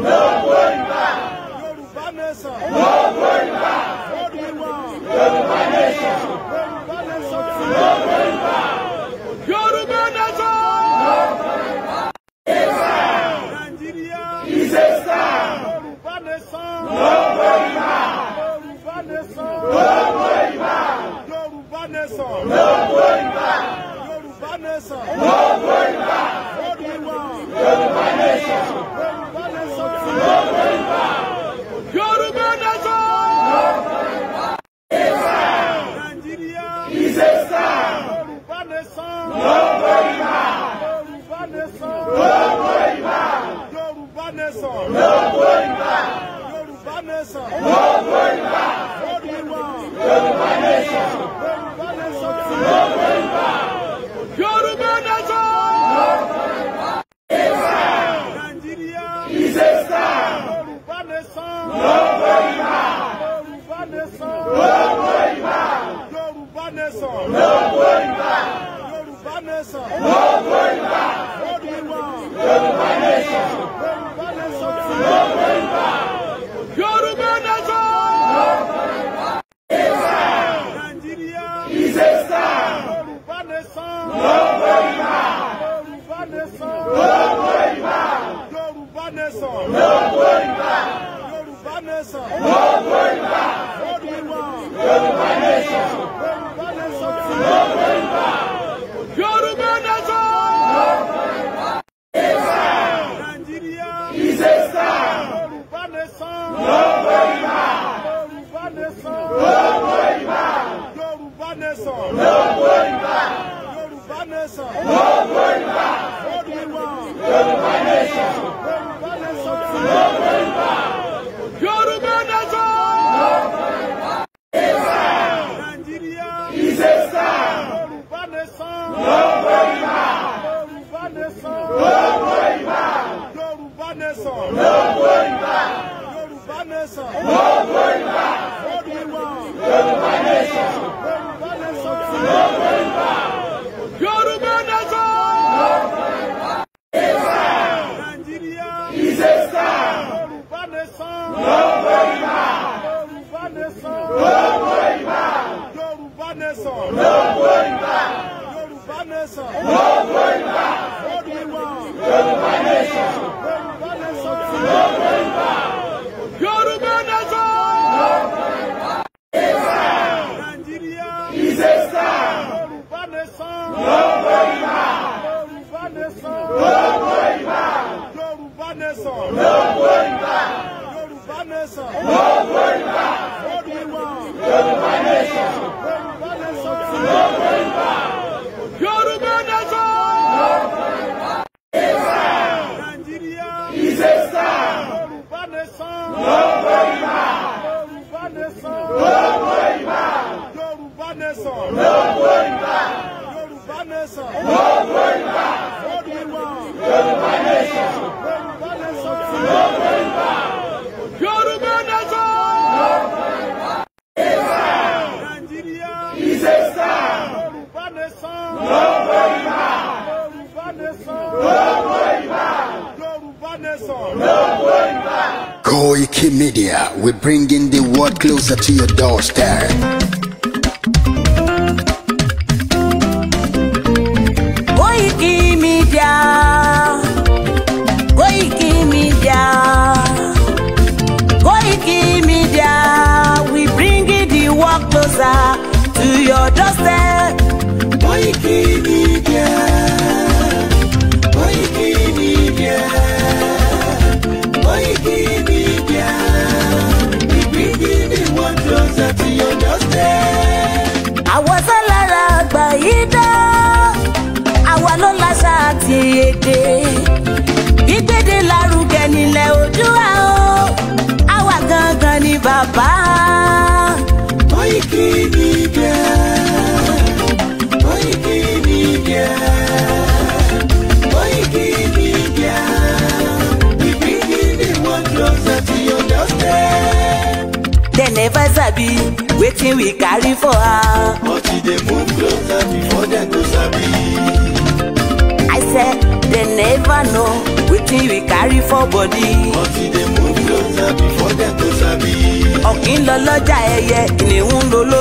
No going back. Yorùbá nation. No going back. Yorùbá nation. Yorùbá nation. No going back. Yorùbá nation. No going back. Nigeria is a star. Yorùbá nation. No going back. Yorùbá nation. No going back. Yorùbá nation. No going back. Yorùbá nation. No Yorùbá nation. Yoruba Nation! Yoruba Nation! Yoruba Nation! No going back. nation. No going back. nation. No going back. nation. No going back. nation. No going back. nation. No going back. nation. No going back. nation. No going back. nation. Yorùbá nation. Yorùbá nation. Yorùbá nation.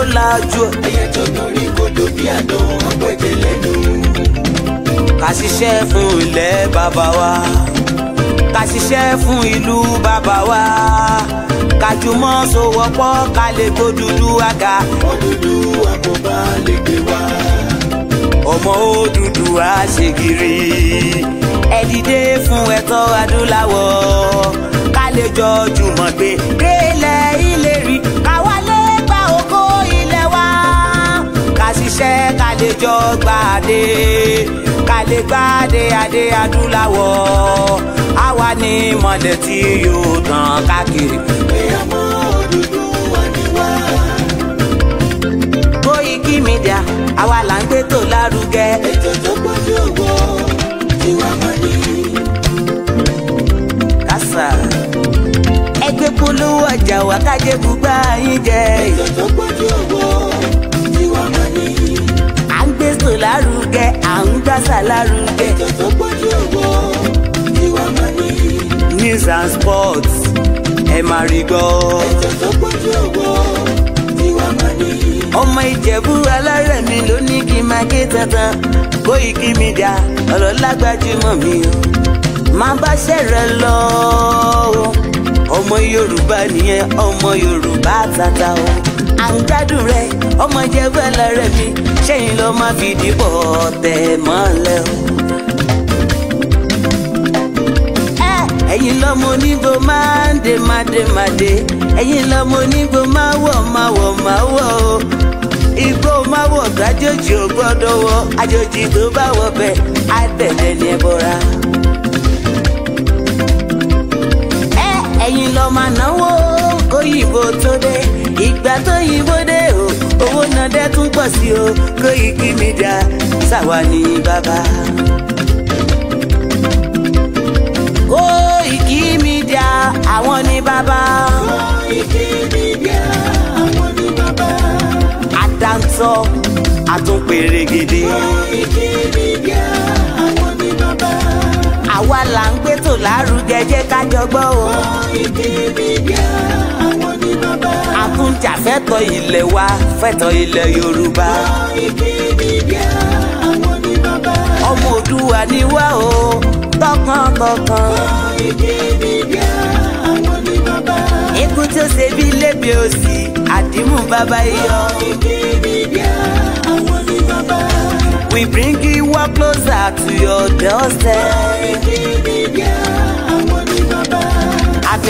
tó lajú. ẹyẹ tó gorí kodò bí àdó ọgbẹ́jẹ lẹ́nu. ká ṣiṣẹ́ fún ilẹ̀ bàbá wa ká ṣiṣẹ́ fún ìlú bàbá wa ká jùmọ̀ sowọ́pọ̀ ká lè tó dúdú àga. òdúdú àkóbá lè gbé wá. ọmọ òdúdú á ṣe kiri ẹ dìde fún ẹ̀tọ́ adúláwọ̀ ká lè jọ jùmọ̀ gbé. ṣiṣẹ́ ká lè jọ gbàdé ká lè gbàdé adé adúláwọ̀ àwa ní mọ̀lẹ̀ tí yóò tàn káàkiri. ìyàmó dúdú wà ní wá. Koiki Media àwa là ń gbé tó lárugẹ. ètò tó pọ̀jù owó tiwa mọ́ ni. kásà ẹgbẹ́ polówó ọjà wa kájẹ́ bùgbà yín jẹ. ètò tó pọ̀jù owó gbètò lárugẹ à ń gbàsà lárugẹ. ètò tó pọ̀jù owó ìwà máa news and sports ẹ máa rí gbọ́. ètò tó pọ̀jù owó ìwà máa ọmọ ìjẹ̀bú alárẹ̀ mi ló ní kí n máa ké tantan Koiki Media ọ̀rọ̀ lágbájúmọ̀ mi máa bá ṣẹ̀rẹ̀ lọ ọmọ Yorùbá nìyẹn ọmọ Yorùbá tata o à ń gbádùn rẹ ọmọ ìjẹ̀bú ẹlẹ́rẹ̀ mi ṣẹ́yìn ló máa fi dìbò tẹ̀ mọ́lẹ̀ o. Eh, ẹ̀yin lọ́mọ onígbò máa ń de máa de, máa dé ẹ̀yin lọ́mọ onígbò máa wọ̀ máa wọ̀ máa wọ̀ o. igbó máa wọ̀ tó àjòjì ò gbọ́dọ̀ wọ̀ àjòjì tó bá wọ̀ bẹ́ẹ̀ á tẹ̀lé ní ẹbọra. Eh, ẹ̀yin lọ́mọ ànáwó kóyìnbó tó dé ìgbà tó yìnbó dé o owó náà dẹ́ tún pọ̀ sí o Koiki Media ṣàwa ní bàbá. Koiki Media àwọn ní bàbá. Koiki Media àwọn ní bàbá. àdáńtọ́ àtúnpèrègèdè. Koiki Media àwọn ní bàbá àwa là ń gbé tò lárugẹ jẹ́ ká jọ gbọ́ o. Koiki tún jà fẹ́tọ̀ ilẹ̀ wa fẹ́tọ̀ ilẹ̀ Yorùbá. ọmọ Òdùwà ni wá o tọkàntọkàn. ikú tí ó ṣe bí lébi òsì àdìmú bàbá iyọ. We bring you up closer to your doorstep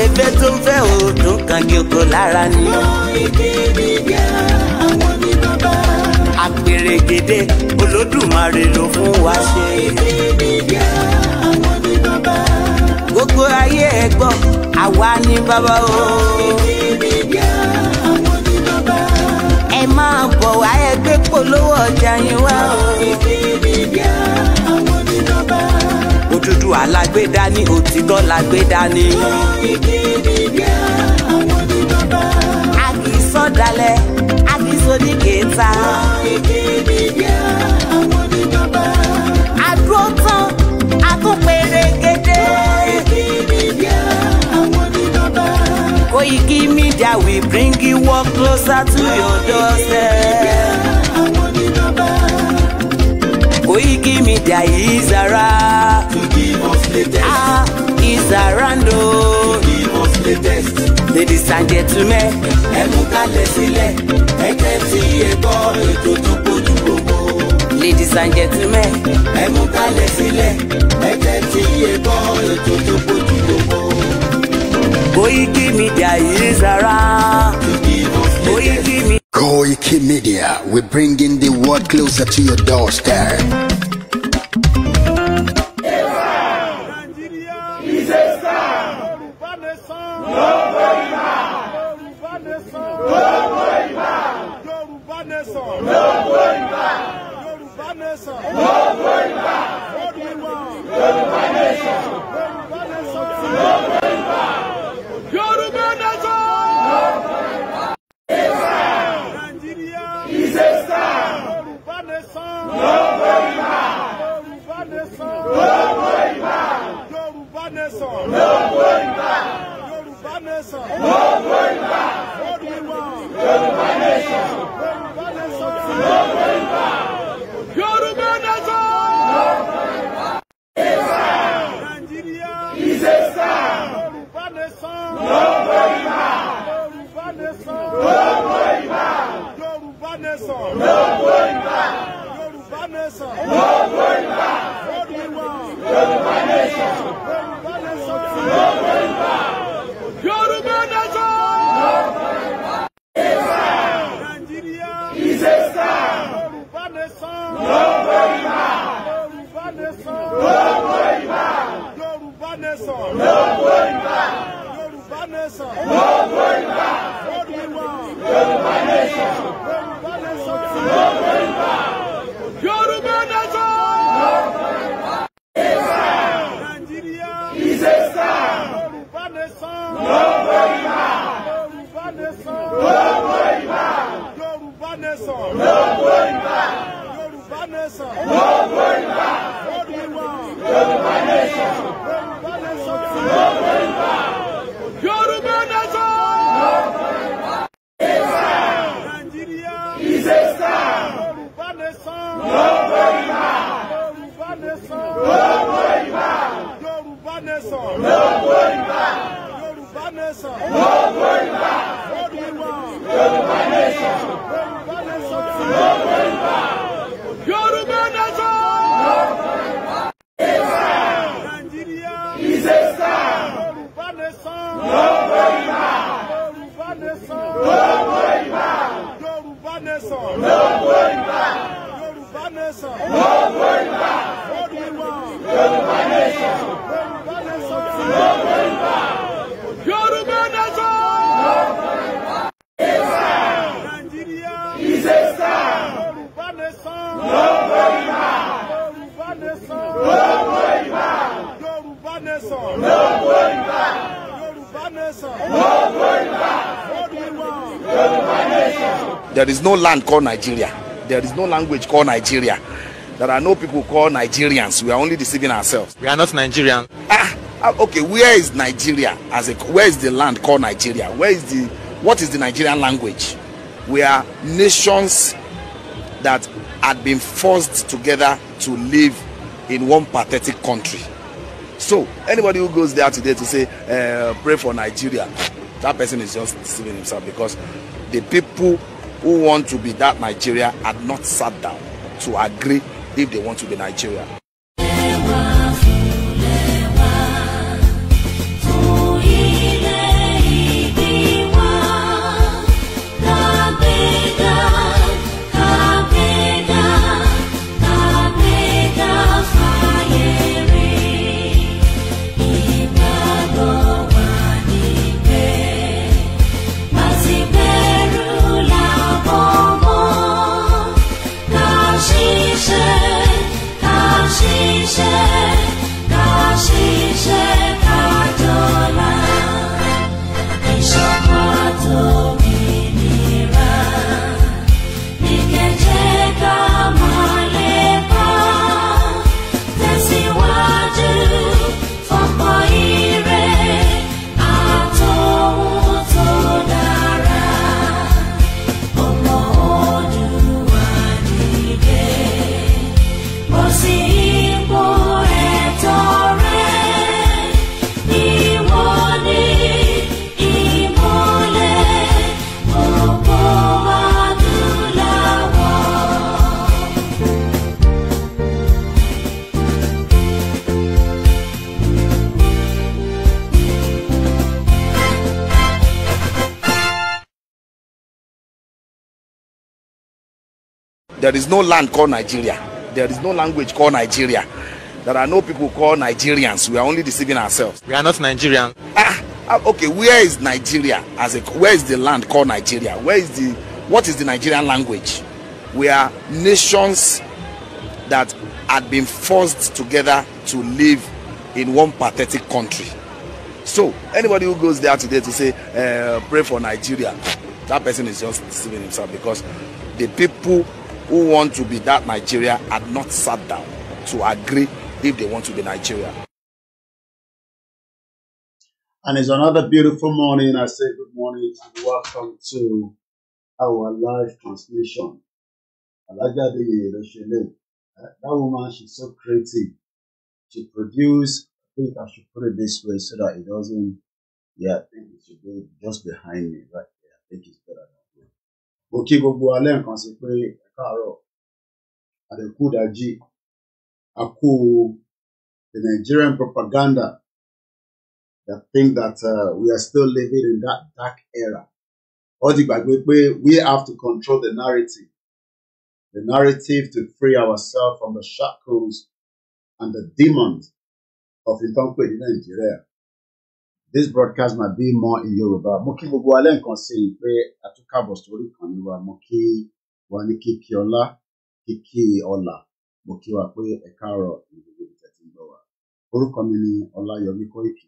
afẹ́fẹ́ tó ń fẹ́ òòdùn kàngi oko lára ni. lọ ìkíni jẹ́ àwọn ní bàbá. àpèrè gèdè olódùmarè ló fún wa ṣe. lọ ìkíni jẹ́ àwọn ní bàbá. gbogbo ayé ẹ gbọ́ àwa ní bàbá o. lọ ìkíni jẹ́ àwọn ní bàbá. ẹ máa bọ̀ wá ẹgbẹ́ polówó ọjà yín wá lọ ìkíni jẹ́. Odùduwà la gbé dání òtítọ́ la gbé dání. ìdíje àwọn onídọ́gba. a kì í sọ̀dàlẹ̀ a kì í sọ̀dí kẹta. ìdíje àwọn onídọ́gba. a dúró tán a tún pèrègede. ìdíje àwọn onídọ́gba. Koiki Media we bring you work closer to your doorstep. Koiki Media is around. To give us latest. Ah, is around To give us latest. Ladies and gentlemen. Ẹ mú kalẹ̀ sílẹ̀, ẹ tẹ́tí ẹ gbọ́ ètò tó kojú gbogbo. Ladies and gentlemen. Ẹ mú kalẹ̀ sílẹ̀, ẹ tẹ́tí ẹ Boy, ètò tó kojú gbogbo. To give us latest. Koiki Media. Koiki Media, we bringing the world closer to your doorstep. land called Nigeria. There is no language called Nigeria. There are no people called Nigerians. We are only deceiving ourselves. We are not Nigerians. Ah, ah, okay. Where is Nigeria? As a, where is the land called Nigeria? Where is the what is the Nigerian language? We are nations that had been forced together to live in one pathetic country. So anybody who goes there today to say uh, pray for Nigeria, that person is just deceiving himself because the people who want to be that Nigeria had not sat down to agree if they want to be Nigeria. There is no land called Nigeria. There is no language called Nigeria. There are no people called Nigerians. We are only deceiving ourselves. We are not Nigerian. Ah, ah, okay. Where is Nigeria as a? Where is the land called Nigeria? Where is the? What is the Nigerian language? We are nations that had been forced together to live in one pathetic country. So anybody who goes there today to say uh, pray for Nigeria, that person is just deceiving himself because the people who want to be that Nigeria had not sat down to agree if they want to be Nigeria. And it's another beautiful morning. I say good morning and welcome to our live transmission. Eh, that woman, she's so creative. She produces, I think I should put it this way so that it doesn't, yeah, I think it should be just behind me right there. I think it's better that way. Mo go gbogbo alẹ́ nǹkan káàárọ̀ àdẹ̀kú ìdájí àkú the Nigerian propaganda that think that uh, we are still living in that dark era wọ́n ti gbàgbé pé we have to control the narrative the narrative to free ourselves from the shackles and the demons of ìtọ́npẹ̀ ní Nàìjíríà. This broadcast might be more in Yoruba. Mo kí gbogbo alẹ́ nǹkan sí i pé àtúkàbọ̀ sórí kan ní wa. Mo kí wa ní kíkí ọlá kíkí ọlà mo kí wa pé ẹ káàárọ̀ ní ìtẹ tí ń gbọ́ wa orúkọ mi ni ọláyọmí kóìkì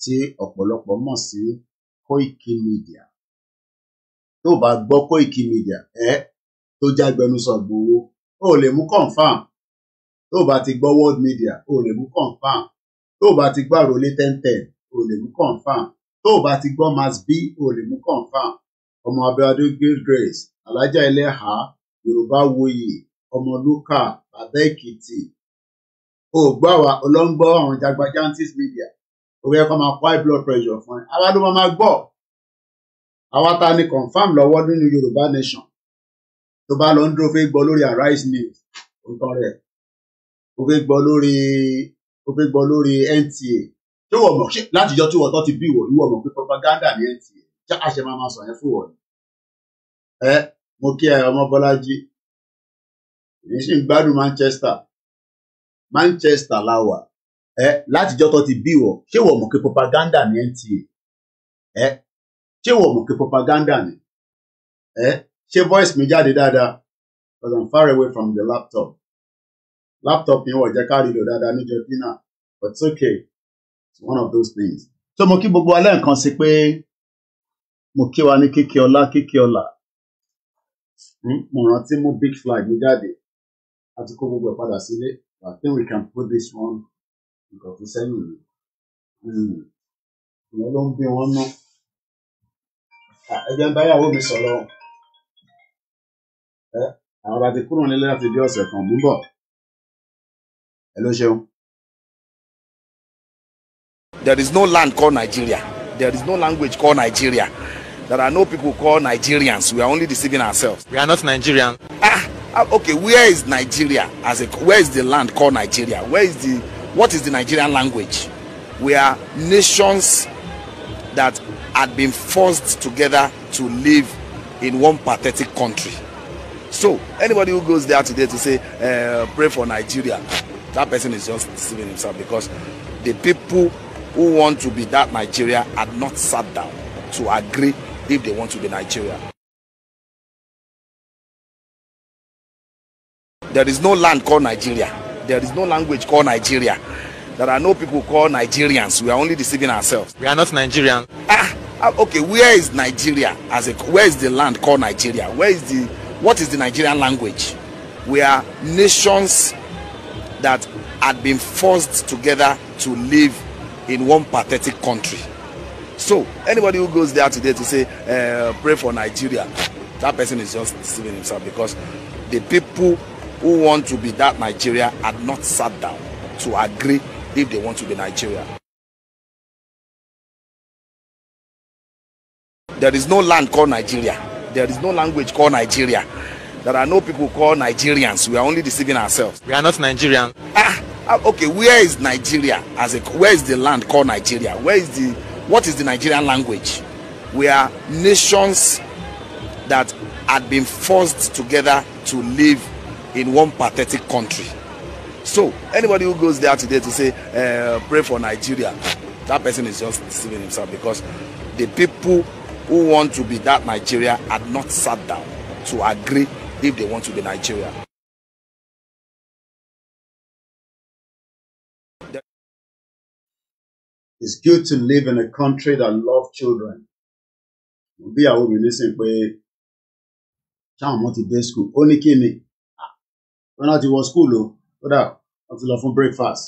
tí ọ̀pọ̀lọpọ̀ mọ̀ sí kóìkì media tó bá gbọ́ kóìkì media ẹ tó jágbẹnusọ gbowó ó lè mú confam tó bá ti gbọ́ world media ó lè mú confam tó bá ti gbọ́ àròlé ten ten ó lè mú confam tó bá ti gbọ́ mass b ó lè mú confam ọmọ abẹ́adé great grace alájà ẹlẹ́hà yorùbá wòye ọmọ lúkà bàbá èkìtì o gbọ́ àwa ọlọ́ngbọ́ àwọn jagba giantist media o fẹ́ máa kọ́ high blood pressure fún ẹ àwa ló máa gbọ́ àwa ta ni confam lọ́wọ́ nínú yorùbá nation tó bá lọ ń dúró fẹ́ gbọ́ lórí arise news òótọ́ rẹ̀ o fẹ́ gbọ́ lórí o fẹ́ gbọ́ lórí NTA tí wọ́n mọ̀ láti jọ tí wọ́n tọ́ ti bí ìwọ̀ ìwọ̀ mọ̀ pé propaganda ní NTA ṣé àṣẹ máa máa sọ yẹn fún wọn ẹ mo kí ẹ ọmọ Bọ́lájí èyí sì ń gbádùn Manchester Manchester la wà ẹ látijọ́ tó ti bí wọ ṣé wọ́n mọ̀ pé propaganda ní NTA ẹ ṣé wọ́n mọ̀ pé propaganda ní ẹ ṣé voice mi jáde dáadáa because I'm far away from the laptop laptop yẹn wọ̀ jẹ́ ká rí lò dáadáa níjọ́ dínà but it's okay it's one of those things. tó mo kí gbogbo alẹ́ nǹkan sí pé mo kí wa ní kíkí ọlá kíkí ọlà mo rántí mú big flag mi jáde àti kó gbogbo ẹ̀ padà sílé I think we can put this one nǹkan tó sẹ́yìn mi hmm. ìyẹn ló ń bí wọn ná ẹgbẹ́ ń báyàwó mi sọ̀rọ̀ ẹ àwọn bá ti kúrò nílé láti bí ọ̀sẹ̀ kan mú bọ̀ ẹ ló ṣeun. There is no land called Nigeria. There is no language called Nigeria. There are no people called Nigerians. We are only deceiving ourselves. We are not Nigerian. Ah, ah okay. Where is Nigeria as a? Where is the land called Nigeria? Where is the? What is the Nigerian language? We are nations that had been forced together to live in one pathetic country. So anybody who goes there today to say uh, pray for Nigeria, that person is just deceiving himself because the people who want to be that Nigeria had not sat down to agree if they want to be Nigeria. There is no land called Nigeria. There is no language called Nigeria. There are no people called Nigerians. We are only deceiving ourselves. We are not Nigerians. Ah, ah, okay, where is Nigeria as a where is the land called Nigeria? Where is the what is the Nigerian language? We are nations that had been forced together to live in one pathetic country. So anybody who goes there today to say uh, pray for Nigeria, that person is just deceiving himself because the people who want to be that Nigeria are not sat down to agree if they want to be Nigeria. There is no land called Nigeria. There is no language called Nigeria. There are no people called Nigerians. We are only deceiving ourselves. We are not Nigerians. Ah, ah, okay, where is Nigeria as a where is the land called Nigeria? Where is the what is the Nigerian language? We are nations that had been forced together to live in one pathetic country. So anybody who goes there today to say uh, pray for Nigeria, that person is just deceiving himself because the people who want to be that Nigeria had not sat down to agree if they want to be Nigeria. It's good to live in a country that love children. Mo bí ìyàwó mi nísìnyí pé ṣáwọn ọmọ ti dé school. Ó ní kí ni? Wọ́n ah, náà ti wọ school o. Kódà wọ́n ti lọ fún breakfast.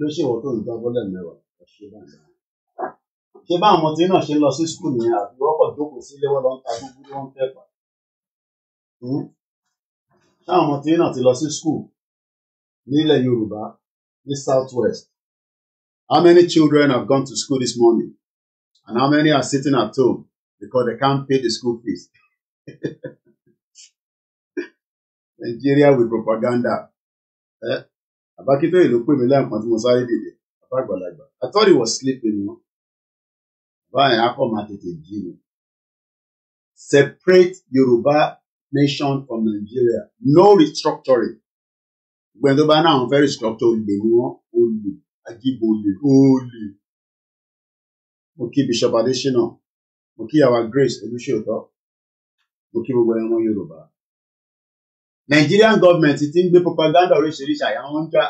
Ló ṣe ìwọ tó ń dán bọ́lẹ̀ mẹ́wàá. Ṣé báwọn ọmọ tí náà ṣe lọ sí school nìyẹn àbí wọ́n kọ̀ jókòó sílé wọn lọ ń ta gbogbo wọn tẹ̀pà? Hmm? Ṣáwọn ọmọ tí náà ti lọ sí school nílẹ̀ Yorùbá ní South West? How many children have gone to school this morning? And how many are sitting at home because they can't pay the school fees? Nigeria with propaganda. Eh? I thought he was sleeping you know? Báyìí á kọ̀ máa tètè Separate Yoruba nation from Nigeria. No restructuring. When náà àwọn fẹ́ restructure olè ni wọ́n ajíboyè olè mo kí bishop adesina mo kí àwa grace olùṣèótọ́ mo kí gbogbo ẹmọ yorùbá nigerian government ti ń gbé propaganda oríṣiríṣi àyà wọn ń jà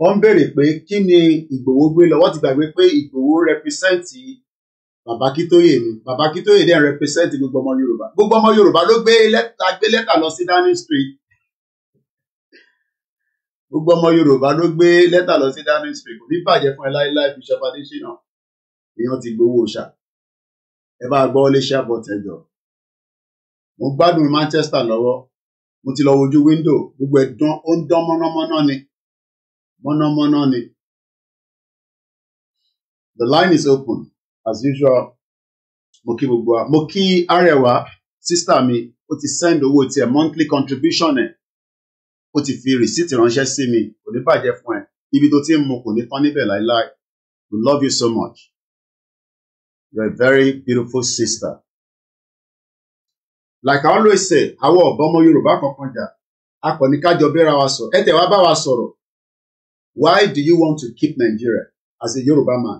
wọn ń béèrè pé kí ni ìgbòho gbé lọ wọn ti gbàgbé pé ìgbòho rẹpísẹǹtì bàbá kítóyè ni bàbá kítóyè dẹ̀ rẹpísẹǹtì gbogbo ọmọ yorùbá gbogbo ọmọ yorùbá ló gbé lẹ́tà gbé lẹ́tà lọ sí downing street gbogbo ọmọ yorùbá ló gbé lẹ́tà lọ sí downing street kò ní bàjẹ́ fún ẹ láéláé bishop adésínà èèyàn ti gbowó ṣá ẹ bá gbọ́ léṣe àbọ̀tẹ́jọ mo gbádùn manchester lọ́wọ́ mo ti lọ wojú wíńdò gbogbo ẹ̀ dán ó ń dán mọ́nàmọ́ná ni mọ́nàmọ́ná ni the line is open as usual mo kí gbogbo wa mo kí arẹwà sísá mi ó ti send owó tiẹ̀ monthly contribution ẹ̀ ó ti fi rìsíìtì ránṣẹ́ sí mi kò ní bàjẹ́ fún ẹ ibi tó ti ń mu kò ní tán níbẹ̀ láéláé we love you so much you are a very beautiful sister. like I always say àwọn ọ̀bọ ọmọ Yorùbá kankan jà a kò ní kájọ bẹ́ra wa sọ ẹ tẹ̀ wá bá wa sọ̀rọ̀ why do you want to keep Nigeria as a Yorùbá man?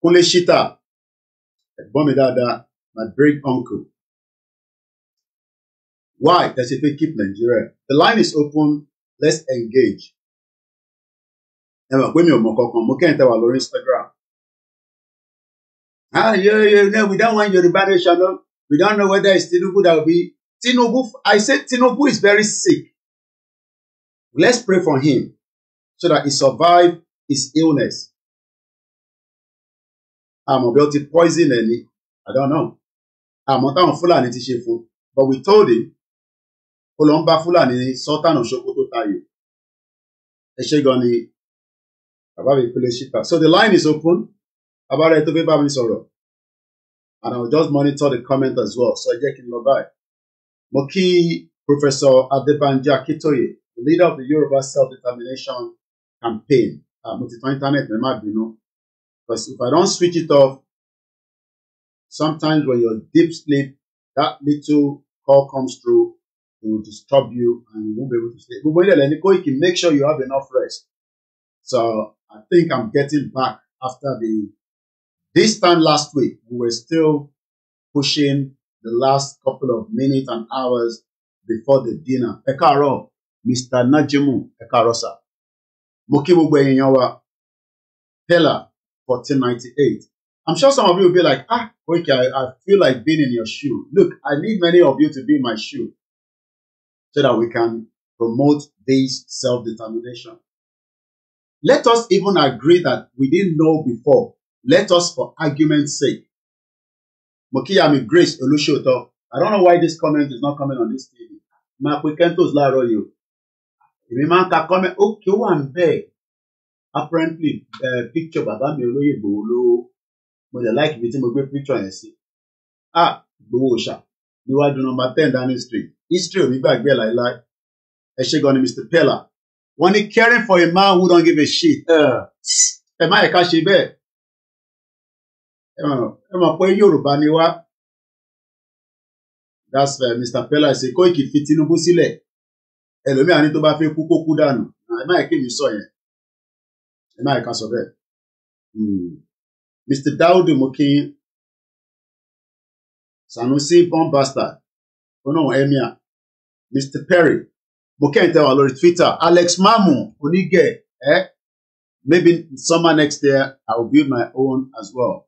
Kúnlé Ṣítà ẹ̀gbọ́n mi dáadáa my great uncle Why? does it keep Nigeria. The line is open. Let's engage. Ẹ mọ̀ pé mi ò mọ̀ kankan, mo kẹ́hìn tẹ́ wà Instagram. Ah, yeah, yeah, no, we don't want your nation. channel. We don't know whether it's Tinubu that will be. Tinubu, I said Tinubu is very sick. Let's pray for him so that he survive his illness. Àmọ́ bí ó poison Any? I don't know. Àmọ́ táwọn Fúlàní ti ṣe fún, but we told him ó lọ ń bá fúlàní sọ́tànà ṣòkòtò tayò ẹ gan ni bàbá mi kúlẹ̀ ṣípà so the line is open abárẹ́ tó fẹ́ bá mi sọ̀rọ̀ and I will just monitor the comment as well so ẹ jẹ́ kí n lọ báyìí mo kí Professor Adebanji Akintoye the leader of the Yoruba self-determination campaign ah, mo ti tan internet mi má bínú because if I don't switch it off sometimes when you're deep sleep that little call comes through it will disturb you and you won't be able to sleep. But Gbogbo ilẹ̀ lẹ́ni Koiki, make sure you have enough rest. So I think I'm getting back after the, this time last week, we were still pushing the last couple of minutes and hours before the dinner. Ekaro, Mr. Najimu, Ekarosa, káàárọ̀ sir. Mo kí gbogbo èèyàn 1498. I'm sure some of you will be like, ah, okay, I, I feel like being in your shoe. Look, I need many of you to be in my shoe so that we can promote this self-determination. Let us even agree that we didn't know before. Let us, for argument's sake. Mokiyami Grace Olushoto. I don't know why this comment is not coming on this TV. My Kentos Laro you. Èmi máa ń ka comment ókè ó wà apparently uh, picture Baba mi olóyè Ìgbòho ló mo like ibi tí mo picture yẹn see, Ah Ìgbòho ṣáà níwájú nọmba ten Downing Street history ò ní gbàgbé ẹ̀ láéláé ẹ ṣe gan ni Mr. Pella wọ́n ní caring for a man who don't give a shit ẹ má yẹ ká ṣe bẹ́ẹ̀ ẹ mọ̀ pé Yorùbá ni wá that's why Mr. Pella ṣe Koiki fi Tinubu sílẹ̀ ẹlòmíràn ní tó bá fẹ́ kú kó kú dànù ẹ má yẹ kí mi sọ yẹn ẹ má yẹ ká sọ bẹ́ẹ̀ Mr. Hmm. Daudu mo Sanusi Bombasta, Onohun oh Emia, Mr. Perry, Mokente wa lórí Twitter, Alex Mamu, Onige, eh? Maybe summer next year I will build my own as well.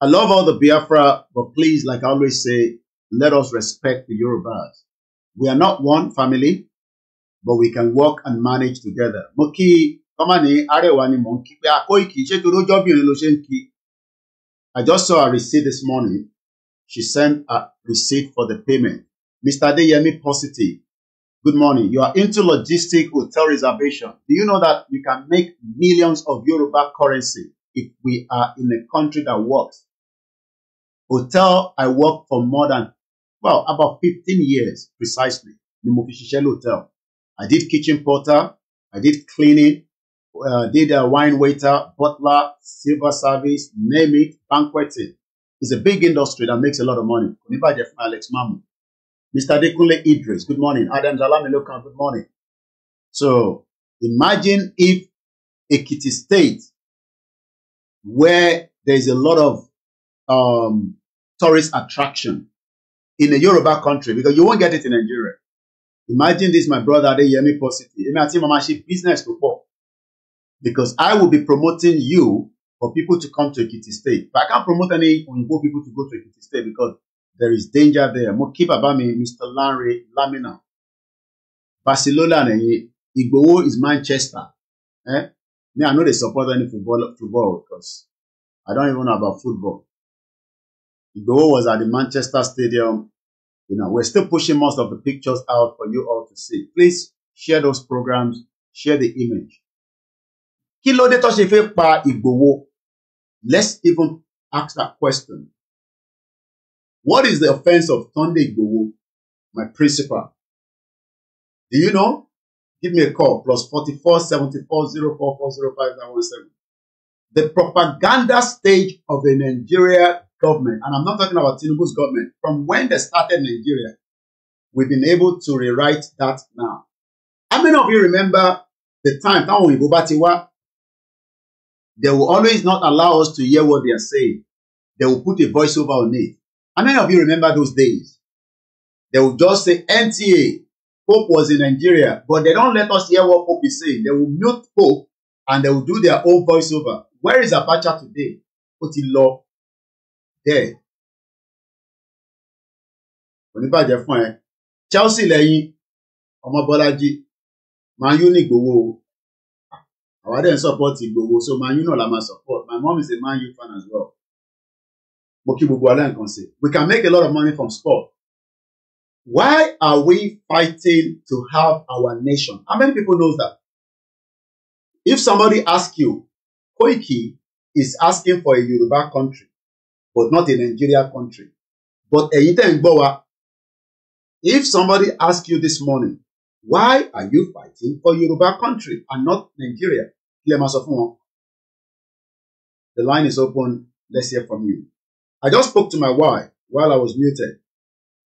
I love all the Biafra, but please, like I always say, let us respect the Yorubas. We are not one family, but we can work and manage together. Moki, kọ́má ní arẹwà ni mò ń kí pé àkóyìkì ṣé torí ó jọ́bìnrin ló ṣe ń kí. I just saw a receipt this morning She sent a receipt for the payment. Mr. Adeyemi Positive, good morning. You are into logistic hotel reservation. Do you know that we can make millions of Yoruba currency if we are in a country that works? Hotel, I work for more than, well, about 15 years precisely in the Mofishishel Hotel. I did kitchen porter, I did cleaning, uh, did a wine waiter, butler, silver service, name it, banqueting. It's a big industry that makes a lot of money. Alex Mamu. Mr. Dekunle Idris, good morning. Adams Alamilokan, good morning. So imagine if a kitty State, where there's a lot of um, tourist attraction in a Yoruba country, because you won't get it in Nigeria. Imagine this, my brother me Positive. Imagine my màmá business tó because I will be promoting you for people to come to Ekiti State. But I can't promote any Oyinbo people to go to Ekiti State because there is danger there. Mo keep about me, Mr. Larry Lamina. Barcelona and Igboho is Manchester. Eh? Me, I know they support any football football because I don't even know about football. Igbo was at the Manchester Stadium. You know, we're still pushing most of the pictures out for you all to see. Please share those programs, share the image. Kí ló dé tó ṣe fẹ́ pa Igboho? Let's even ask that question. What is the offense of Tunde Igbowo, my principal? Do you know? Give me a call, plus 44 74 The propaganda stage of a Nigeria government, and I'm not talking about Tinubu's government, from when they started Nigeria, we've been able to rewrite that now. How many of you remember the time, Tawọn Igbo They will always not allow us to hear what they are saying. They will put a voiceover on it. How many of you remember those days? They will just say NTA. Pope was in Nigeria, but they don't let us hear what Pope is saying. They will mute Pope and they will do their own voiceover. Where is Apache today? Put in law there. Oníbàjẹ́ fún ẹ. Chelsea Leyi, ọmọ Bọ́lájí Man U nìgbowó àwa dẹ̀ ń support gbogbo so Man U náà la máa support my mom is a Man U fan as well mo kí gbogbo alẹ́ nǹkan sí we can make a lot of money from sport why are we fighting to have our nation how many people knows that if somebody ask you Koiki is asking for a Yoruba country but not a Nigeria country but ẹ̀yin tẹ̀ if somebody ask you this morning Why are you fighting for Yoruba country and not Nigeria? Clear my máa The line is open. Let's hear from you. I just spoke to my wife while I was muted.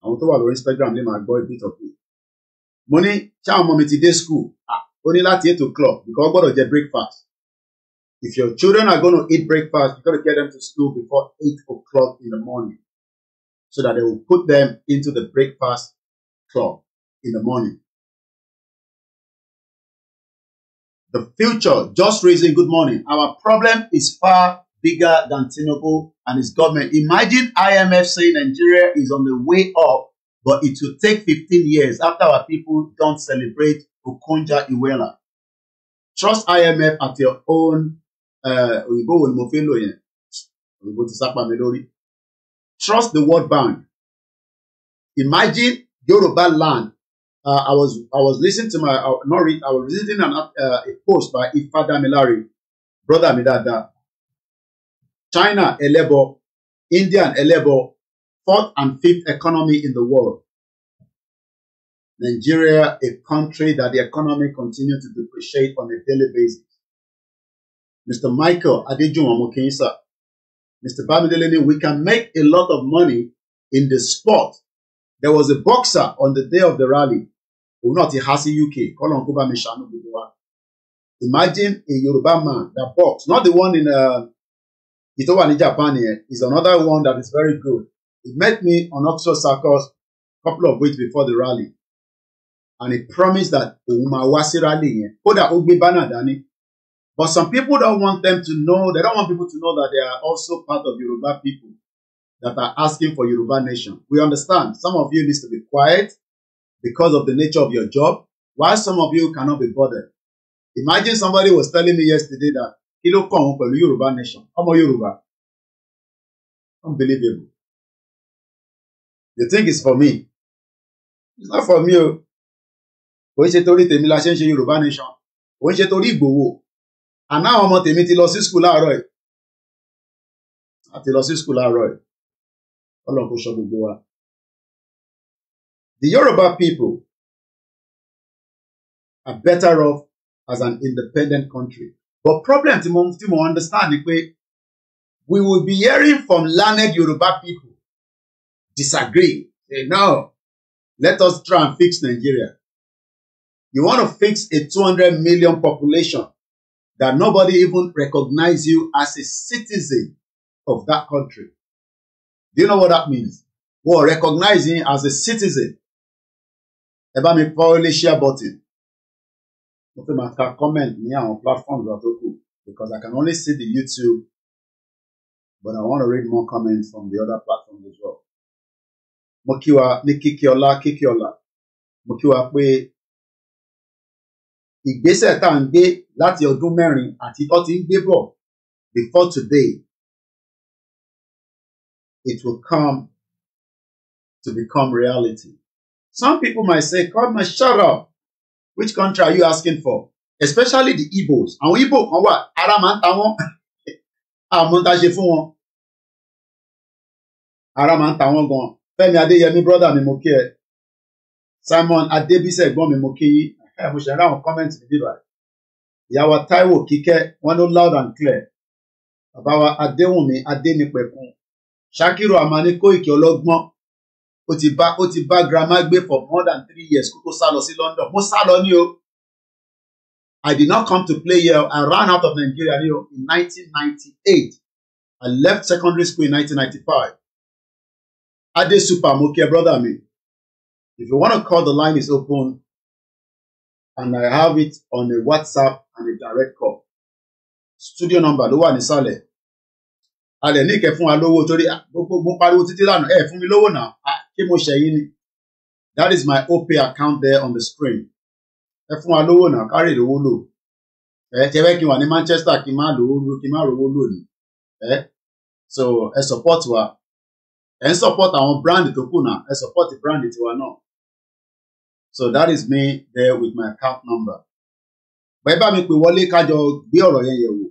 Àwọn tó wà lórí Instagram lè máa gbọ́ a bit of it. Mo ní ṣé àwọn school? Only ní eight o'clock because got to get breakfast. If your children are going to eat breakfast, you got to get them to school before eight o'clock in the morning so that they will put them into the breakfast club in the morning. the future. Just raising good morning. Our problem is far bigger than Tinubu and his government. Imagine IMF saying Nigeria is on the way up, but it will take 15 years after our people don't celebrate Okonja Iweala. Trust IMF at your own òyìnbó uh, wo ni mo fi ń lò yẹn òyìnbó Trust the World Bank. Imagine Yoruba land Uh, I was I was listening to my uh, not read, I was reading an, uh, a post by Ifada Milari, brother Midada. China a level, India level, fourth and fifth economy in the world. Nigeria, a country that the economy continues to depreciate on a daily basis. Mr. Michael Adejuma Mokinsa, Mr. Bamidelini, we can make a lot of money in the sport. There was a boxer on the day of the rally òun náà ti há sí UK kọ́lọ́n kó bá mi ṣàánú gbogbo wa imagine a Yoruba man that box not the one in uh, ìtọ́ wà ní Japan yẹn is another one that is very good he met me on Oxford Circus a couple of weeks before the rally and he promised that òun máa wá sí rally yẹn kódà ó gbé bánà dání but some people don't want them to know they don't want people to know that they are also part of Yoruba people that are asking for Yoruba nation we understand some of you need to be quiet because of the nature of your job, while some of you cannot be bothered. Imagine somebody was telling me yesterday that kí ló kàn òun pẹ̀lú Yorùbá nation, ọmọ Yorùbá. Unbelievable. You think it's for me? It's not for me o. Kò ń ṣe torí tèmi la ṣe ń ṣe Yorùbá nation. Kò ń ṣe torí Ìgbòho. Àná àwọn ọmọ tèmi ti lọ sí skul láàárọ̀ yìí. A ti lọ sí skul láàárọ̀ yìí. Ọlọ́run kò sọ gbogbo wa. The Yoruba people are better off as an independent country. But problem to mo tí mo understand the way we will be hearing from learned Yoruba people disagree say no let us try and fix Nigeria. You want to fix a 200 million population that nobody even recognize you as a citizen of that country. Do you know what that means? Who are recognizing as a citizen ẹ bá mi kọ́lé share button mo fẹ́ máa ka comment ní àwọn platforms wa tó kù because I can only see the YouTube but I want to read more comments from the other platforms as well. mo kí wa ní kíkí ọlá kíkí ọlá mo kí wa pé ìgbésẹ̀ tá à ń gbé láti ọdún mẹ́rin àti tó ti ń gbé bọ̀ before today it will come to become reality. Some people might say, come and shut up. Which country are you asking for? Especially the Igbos. Àwọn Igbo kan wà, ara máa ń ta wọ́n. Àmọ́ ta ṣe fún wọn. Ara máa ń ta wọ́n gan. Fẹ́mi Adéyẹmí brọ́dà mi mo kí ẹ. Simon Adébísẹ̀ ẹ̀gbọ́n mi mo kí yín. Mo ṣe ráwọn kọ́mẹ́ǹtì níbí báyìí. Ìyàwó Táíwò Kíkẹ́ wọ́n ló loud and clear. Bàbá wa Adéwùnmí Adénípẹ̀kun. Ṣakiru Amani Kóìkì ọlọ́gbọ́n ó ti bá ó ti bá grandma gbé for more than three years kó tó sá lọ sí London mo sá lọ ní o I did not come to play here I ran out of Nigeria ní o in 1998 I left secondary school in 1995 Adé super mo brother mi if you wanna call the line is open and I have it on a WhatsApp and a direct call studio number ló wà nísàlẹ̀ a ní ìkẹ́ fún wa lówó torí ah, mo pariwo títí lánàá ẹ fún mi lówó náà ah, kí mo ṣẹ̀yìn ni that is my opay account there on the screen ẹ fún wa lówó náà kárè lówó lò ẹ tẹ fẹ́ kí n wà ní Manchester kí n má lówó lò kí n má rówó lò ní ẹ so ẹ support wa ẹ ń support àwọn brand tó kù náà ẹ support brand tiwa náà so that is me there with my account number bẹ́ẹ̀ bá mi pè wọlé kájọ gbé ọ̀rọ̀ yẹn yẹ̀ wò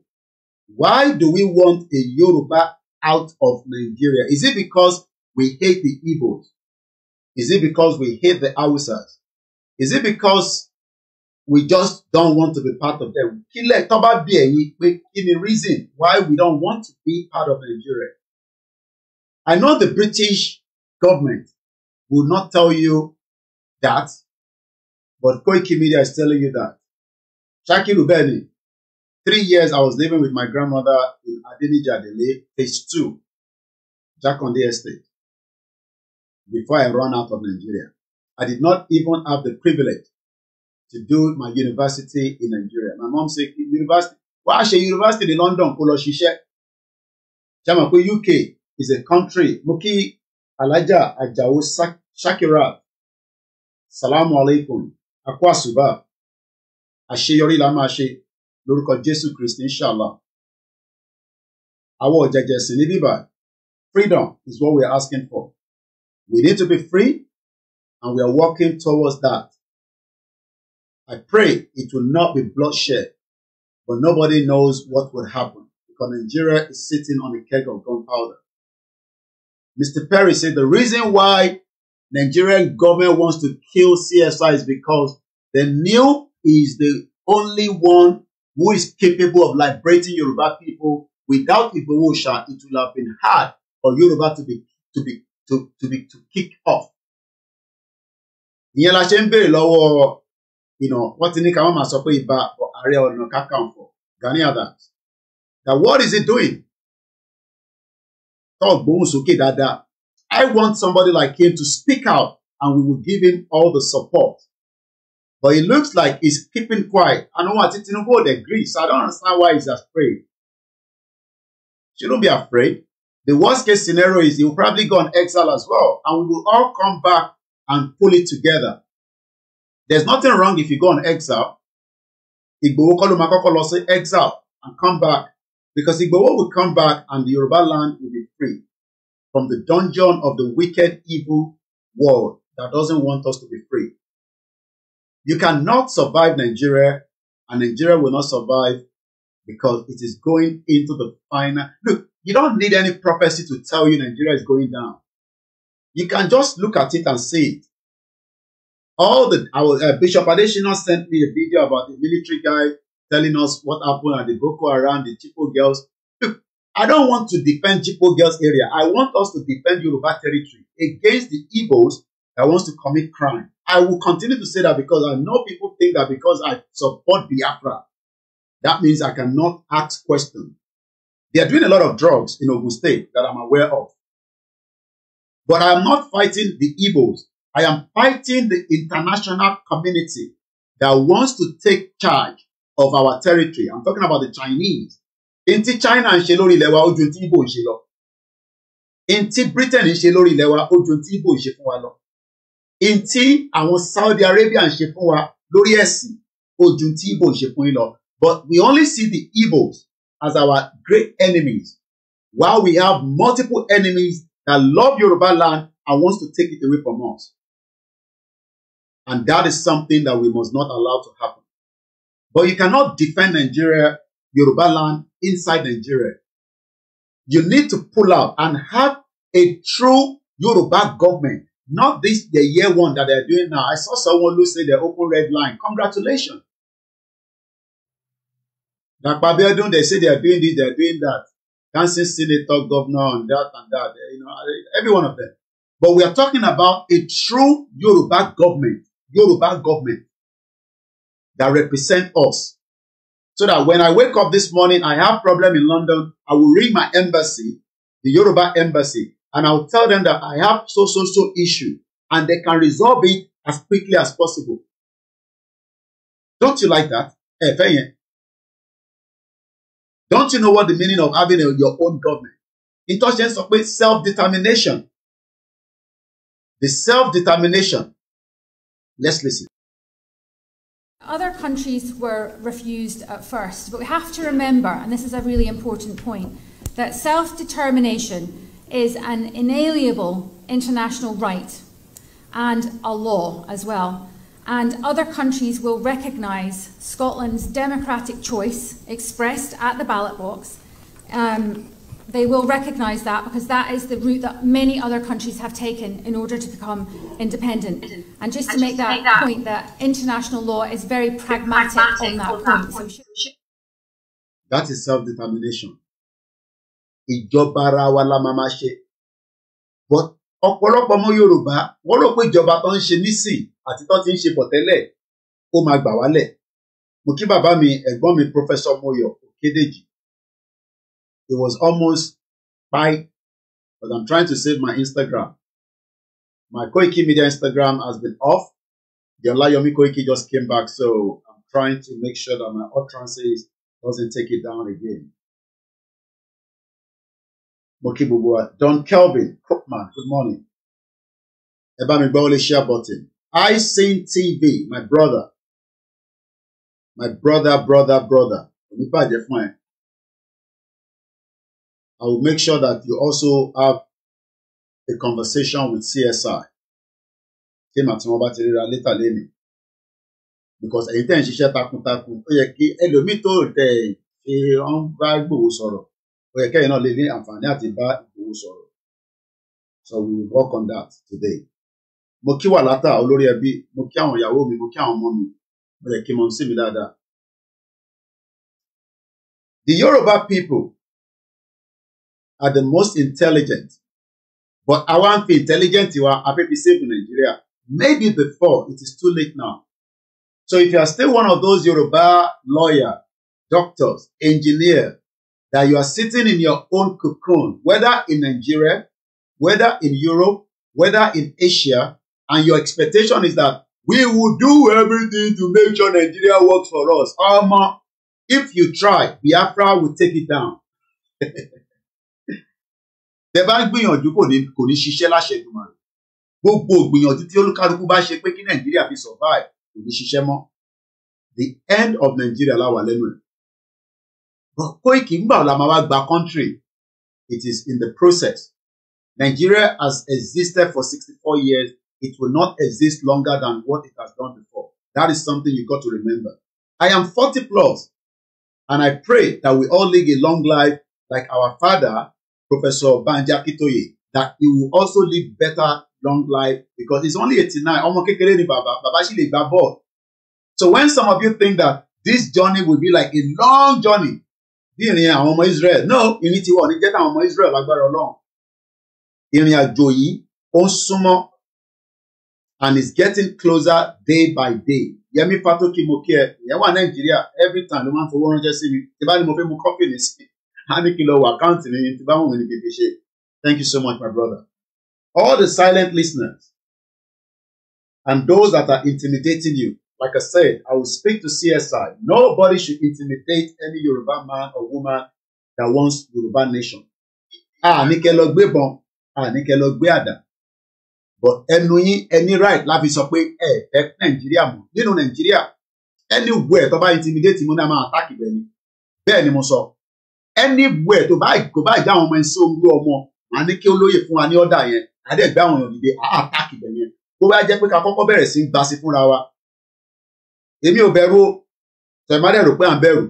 Why do we want a Yoruba out of Nigeria? Is it because we hate the Igbos? Is it because we hate the Hausas? Is it because we just don't want to be part of them? Kílẹ̀ tó bá bí ẹ̀yin pé reason why we don't want to be part of Nigeria? I know the British government will not tell you that, but Koiki Media is telling you that. Shakiru Beni, Three years I was living with my grandmother in Adenija Dele, phase two, Jack on the Estate, before I ran out of Nigeria. I did not even have the privilege to do my university in Nigeria. My mom said, University, why should university in London? Koloshishe. Jamako UK is a country. Muki Alaja Ajao Shakira. Salamu alaikum. Akwa suba. Àṣeyọrí la máa ṣe lórúkọ jésù kristi inshallah àwọn òjẹjẹ sì ní bíbá freedom is what we are asking for we need to be free and we are working towards that i pray it will not be bloodshed but nobody knows what will happen because nigeria is sitting on a keg of gunpowder mr perry said the reason why nigerian government wants to kill csi is because the new is the only one who is capable of liberating Yoruba people. Without Igboho it would have been hard for Yoruba to be to be to to be to kick off. Ìyẹn la ṣe ń béèrè lọ́wọ́ ìnà wọ́n ti ní ká wọ́n máa sọ pé ìbá Ààrẹ Ọ̀nà Gani Adams. Now what is he doing? Tó gbóhùn okay, dáadáa. I want somebody like him to speak out and we will give him all the support But it looks like he's keeping quiet. I know what Tinubu would the so I don't understand why he's afraid. Shouldn't be afraid. The worst case scenario is he will probably go on exile as well, and we will all come back and pull it together. There's nothing wrong if you go on exile. Igbowo Kolumakoko will say exile and come back because Igbowo will come back and the Yoruba land will be free from the dungeon of the wicked, evil world that doesn't want us to be free. You cannot survive Nigeria, and Nigeria will not survive because it is going into the final. Look, you don't need any prophecy to tell you Nigeria is going down. You can just look at it and see it. All the our uh, Bishop Adeshina sent me a video about the military guy telling us what happened at the Boko Haram, the Chipo girls. Look, I don't want to defend Chipo girls area. I want us to defend Yoruba territory against the evils that wants to commit crime. I will continue to say that because I know people think that because I support Biafra, that means I cannot ask questions. They are doing a lot of drugs in Ogun State that I'm aware of. But I am not fighting the evils. I am fighting the international community that wants to take charge of our territory. I'm talking about the Chinese. Inti China and ṣe lórí ilẹ̀ wa ojú ti Igbo Inti Britain and ṣe lórí ilẹ̀ wa ojú ti in tí àwọn Saudi Arabia ń ṣe fún wa lórí ẹ̀sìn ojú tí Igbo ṣe fún yín lọ but we only see the Igbos as our great enemies while we have multiple enemies that love Yoruba land and wants to take it away from us and that is something that we must not allow to happen but you cannot defend Nigeria Yoruba land inside Nigeria you need to pull out and have a true Yoruba government Not this, the year one that they're doing now. I saw someone who said the open red line. Congratulations. are doing. they say they're doing this, they're doing that. Dancing senator, governor, and that and that. You know, every one of them. But we are talking about a true Yoruba government, Yoruba government that represent us. So that when I wake up this morning, I have problem in London, I will ring my embassy, the Yoruba embassy, and I'll tell them that I have so, so, so issue and they can resolve it as quickly as possible. Don't you like that? Eh, Don't you know what the meaning of having your own government? In touch so pé self-determination. The self-determination. Let's listen. Other countries were refused at first, but we have to remember, and this is a really important point, that self-determination is an inalienable international right and a law as well. And other countries will recognise Scotland's democratic choice expressed at the ballot box. Um, they will recognise that because that is the route that many other countries have taken in order to become independent. And just, and to, just make to, make, that, point, that international law is very pragmatic, pragmatic on that, on that point. point. That is self-determination. ìjọba ara wa la máa máa ṣe but ọ̀pọ̀lọpọ̀ ọmọ Yorùbá wọ́n rò pé ìjọba tó ń ṣe nísìn àti tó ti ń ṣe bọ̀ ó máa gbà wálẹ̀ mo kí bàbá mi ẹ̀gbọ́n mi Professor Moyo Okedeji he was almost kpai but I'm trying to save my Instagram my Koiki Media Instagram has been off the Olayomi Koiki just came back so I'm trying to make sure that my utterances doesn't take it down again mo gbogbo wa Don Kelvin Cookman good morning ẹ bá mi gbọ́ wọlé share button iSeen TV my brother my brother brother brother òní bàjẹ́ fún ẹ I will make sure that you also have a conversation with CSI kí màá tí wọ́n bá ti ríra létà lẹ́nu because ẹ̀yin tẹ̀ ń ṣiṣẹ́ takuntakun ó yẹ kí ẹlòmíì tó tẹ̀ ṣe ọ̀n bá gbòòwò sọ̀rọ̀ ó yẹ kẹ́yìn náà lè ní àǹfààní àti bá Ìgbòho sọ̀rọ̀ so we will work on that today mo kí wà látà olórí ẹbí mo kí àwọn ìyàwó mi mo kí àwọn ọmọ mi mo lè kí mọ sí mi dáadáa the Yoruba people are the most intelligent but àwa ń fi intelligent wa afẹ́fi save Nigeria maybe before it is too late now so if you are still one of those Yoruba lawyer doctors engineer that you are sitting in your own cocoon, whether in Nigeria, whether in Europe, whether in Asia, and your expectation is that we will do everything to make sure Nigeria works for us. Alma, if you try, Biafra will take it down. The bank gbìyànjú kò ní kò ní ṣiṣẹ́ láṣẹ ìgbìmọ̀ rẹ̀. Gbogbo ìgbìyànjú tí olúkálukú bá ṣe pé kí Nàìjíríà fi survive kò ní ṣiṣẹ́ The end of Nigeria láwà lẹ́nu ẹ̀. Koiki ngbà la máa wá back country it is in the process Nigeria has existed for sixty-four years it will not exist longer than what it has done before that is something you got to remember I am forty plus and I pray that we all live a long life like our father Professor Banja Akintoye that he will also live better long life because he's only eighty-nine so when some of you think that this journey will be like a long journey bí ìrìn àwọn ọmọ Israel no ìrìn tiwọn ò ní jẹ́ káwọn ọmọ Israel lágbára Ọlọ́run ìrìn àjò yìí ó ń súnmọ́ and is getting closer day by day Yẹmí Fátókì mo kí ẹ ìyẹn wà Nàìjíríà every time ló máa ń fowó ránṣẹ́ sí mi tí bá ní mo fẹ́ mu kọ́fì ní sí i á wọ àkáǹtì mi tí bá wọn ní kìkì ṣe thank you so much my brother all the silent listeners and those that are intimidating you Like I said, I will speak to CSI. Nobody should intimidate any Yoruba man or woman that wants Yoruba nation. Ah, kẹ lọ gbé bọn, àní kẹ lọ gbé àdá. But any any ẹni right láfi sọ pé ẹ fẹ́ Nàìjíríà mọ̀ nínú Nàìjíríà. Anywhere tó bá intimidate mo ní a máa attack ibẹ̀ ni. Bẹ́ẹ̀ ni mo sọ. Anywhere tó bá kò bá ìjà àwọn ọmọ ẹ̀sìn olú ọmọ, màá ní kí olóyè fún wa ní ọ̀dà yẹn. Àdẹ́gbẹ́ àwọn èèyàn dìde, àá attack ibẹ̀ yẹn. Bó bá jẹ́ pé ká kọ́kọ́ bẹ̀rẹ̀ sí gbasi fúnra wa, èmi ò bẹ̀rù o tẹ bá dẹ̀ rò pé à ń bẹ̀rù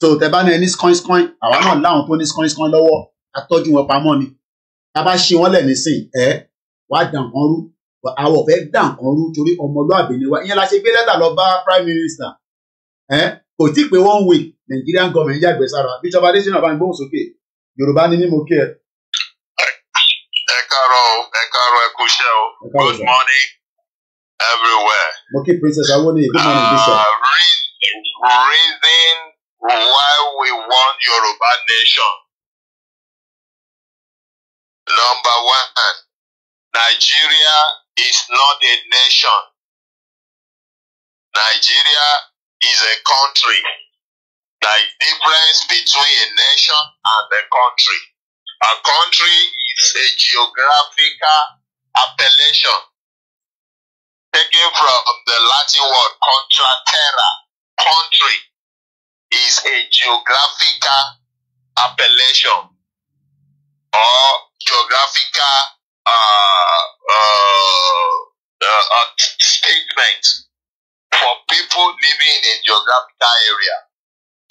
tó tẹ bá ní ẹni skoinskoin àwa náà láwọn tó ní skoinskoin lọ́wọ́ atọ́jú wọn pamọ́ ni tá a bá ṣe wọ́n lẹ̀ nísìn ẹ̀ wá dàn kan rú àwọ̀ fẹ́ dàn kan rú torí ọmọlúàbí ni wa ìyẹn la ṣe gbé lẹ́tà lọ bá prime minister ẹ̀ kò tí ì pé one week Nigerian government yàgbẹ́ sára Bishop Adesina bá ń gbóhùn sókè Yorùbá ni ní mo kí ẹ. ẹ káàárọ̀ ẹ káàárọ̀ ẹ kú iṣẹ́ o good morning. everywhere. Okay, Princess, I want to good ah, reason, reason why we want Yoruba nation. Number one, Nigeria is not a nation. Nigeria is a country. The difference between a nation and a country. A country is a geographical appellation taken from the Latin word contra terra, country, is a geographical appellation or geographical uh, uh, uh, uh, statement for people living in a geographical area.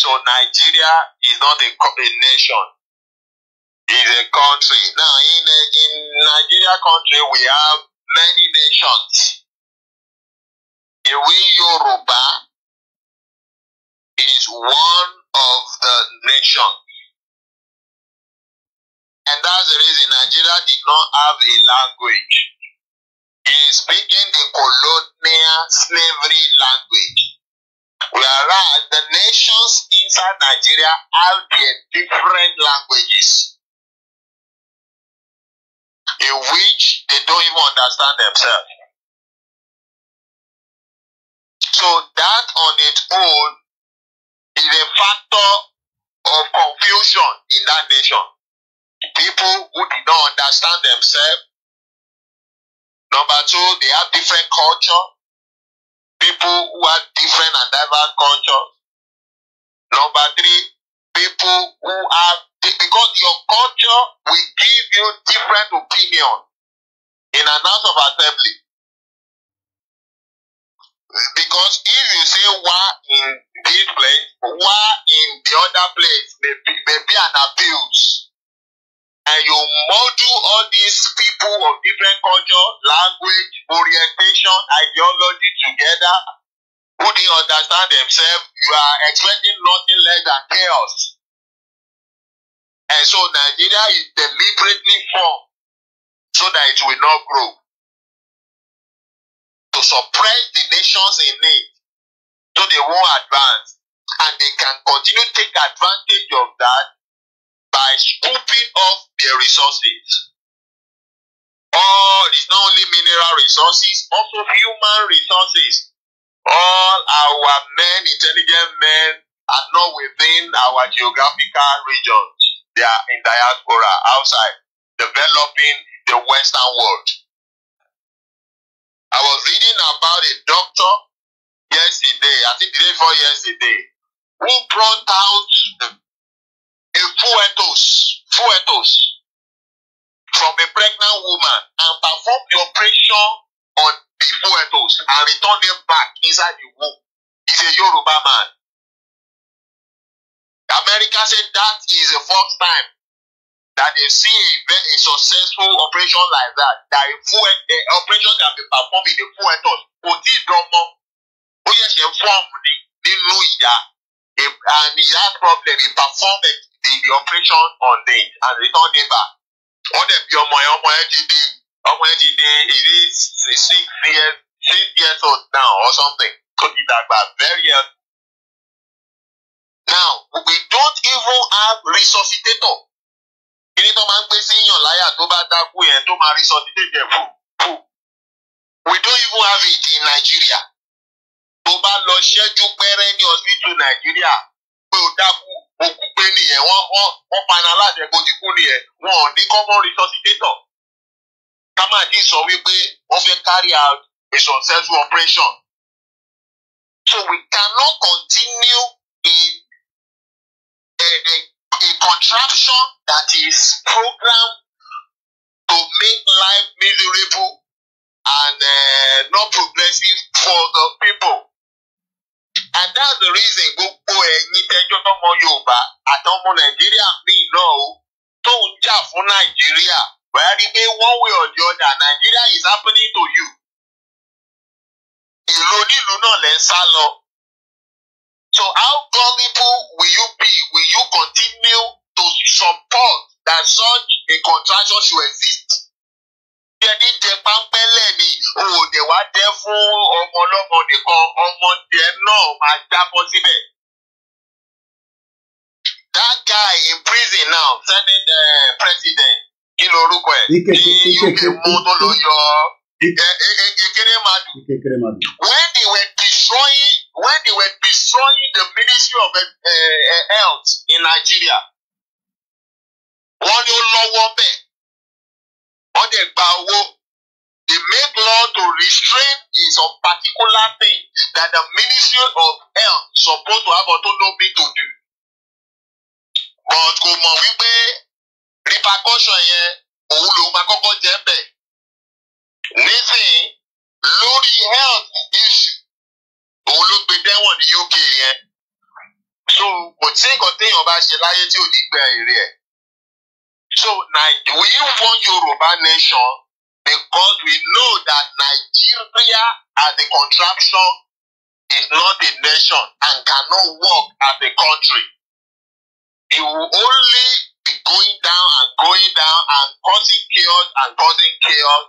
So Nigeria is not a, a nation, it's a country. Now, in, a, in Nigeria country, we have many nations. Iwi Yoruba is one of the nations. And that's the reason Nigeria did not have a language. It is speaking the colonial slavery language. Whereas the nations inside Nigeria have their different languages in which they don't even understand themselves. So that on its own is a factor of confusion in that nation. People who did not understand themselves. Number two, they have different culture. People who have different and diverse cultures. Number three, people who have because your culture will give you different opinion in an house of assembly. Because if you say why in this place, why in the other place, may be, may be an abuse. And you model all these people of different culture, language, orientation, ideology together, who dey understand themselves, you are expecting nothing less than chaos. And so Nigeria is deliberately formed so that it will not grow to suppress the nations in need so they won't advance. And they can continue to take advantage of that by scooping off their resources. All is not only mineral resources, also human resources. All our men, intelligent men, are not within our geographical regions. They are in diaspora, outside, developing the Western world. I was reading about a doctor yesterday, I think the day before yesterday, who brought out a fuetus, fuetus from a pregnant woman and performed the operation on the fuetus and returned them back inside the womb. He's a Yoruba man. America said that is the first time that they see a, a successful operation like that that a the eh, operation that be performed in the full end us kò tí ì dán mọ́ ó yẹ ṣe fọ́ọ̀mù ni nínú ìyá and he had problem he performed the, the, operation on day and returned day back wọ́n dẹ̀ bí ọmọ yẹn ọmọ yẹn ti di ọmọ yẹn ti di ìdí six years six years old now or something tó ti dàgbà very young. Now we don't even have resuscitator kíní tó máa ń gbé síyàn láyà tó bá dákú yẹn tó máa rí sọ ní dédé kù kù we don't even have it in Nigeria tó bá lọ ṣẹ́jú pẹ́rẹ́ ní hospital Nigeria pé o dákú òkú pé nìyẹn wọ́n wọ́n wọ́n paná aláṣẹ kó ti kú nìyẹn wọn ò ní common resuscitator ká má dín sọ wípé wọ́n fẹ́ carry out a successful operation so we cannot continue in. Uh, a contraption that is programmed to make life miserable and uh, not progressive for the people. And that's the reason gbogbo ẹ̀yin tẹ́jọ́ tọmọ Yorùbá àtọmọ Nàìjíríà míì náà o tó ń jà fún Nàìjíríà wẹ́ẹ́ rí pé one way or the other Nàìjíríà is happening to you. Ìlú onílùú náà lẹ́ ń sá lọ. So how gullible will you be? Will you continue to support that such a contraction should exist? Ẹni jẹ pápẹ́lẹ̀ ni òòdè wá jẹ́ fún ọmọ ọlọ́mọ nìkan ọmọdé náà máa jábọ́ síbẹ̀. That guy in prison now, Senate uh, President, kí lorúkọ ẹ̀? Ní UK mú tó lọ yọ When they were destroying, when they were destroying the Ministry of uh, Health in Nigeria, wọ́n ní ó lọ́wọ́ bẹ́ẹ̀, wọ́n dẹ̀ gba owó. They make law to restrain is a particular thing that the Ministry of Health suppose to have autonomy to do. But kò mọ̀ wípé repercussion yẹn òun lòun máa kọ́kọ́ jẹ́ bẹ́ẹ̀ nísìnyí lórí health issue òun ló gbé dẹ́wọ̀n ní UK yẹn so kò tí nǹkan téèyàn bá ṣe láyé tí ò ní gba èrè ẹ̀ so we want Yorùbá nation because we know that Nigeria as a contraption is not a nation and cannot work as a country it will only be going down and going down and causing chaos and causing chaos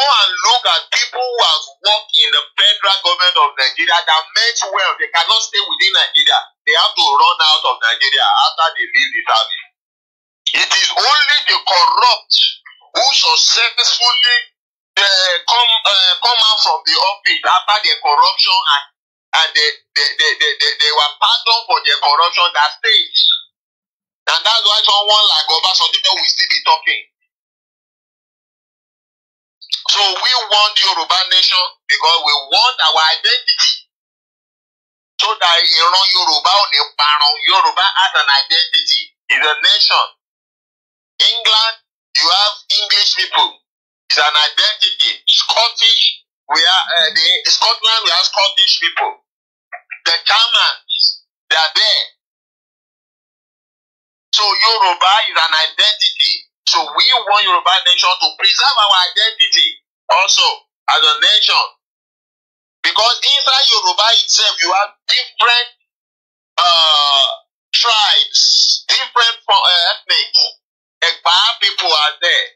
go and look at people who have worked in the federal government of Nigeria that meant well. They cannot stay within Nigeria. They have to run out of Nigeria after they leave the service. It is only the corrupt who successfully uh, come uh, come out from the office after their corruption and and they they, they, they, they, they were pardoned for their corruption that stays. And that's why someone like Obasanjo will still be talking. So we want Yoruba nation because we want our identity. So that ìran Yorùbá ò ní parun. Yoruba has an identity. It's a nation. England, you have English people. It's an identity. Scottish, we are uh, the Scotland, we have Scottish people. The Germans, they are there. So Yoruba is an identity. So we want Yoruba nation to preserve our identity also as a nation. Because inside Yoruba itself, you have different uh, tribes, different from, uh, ethnic. Egba people are there.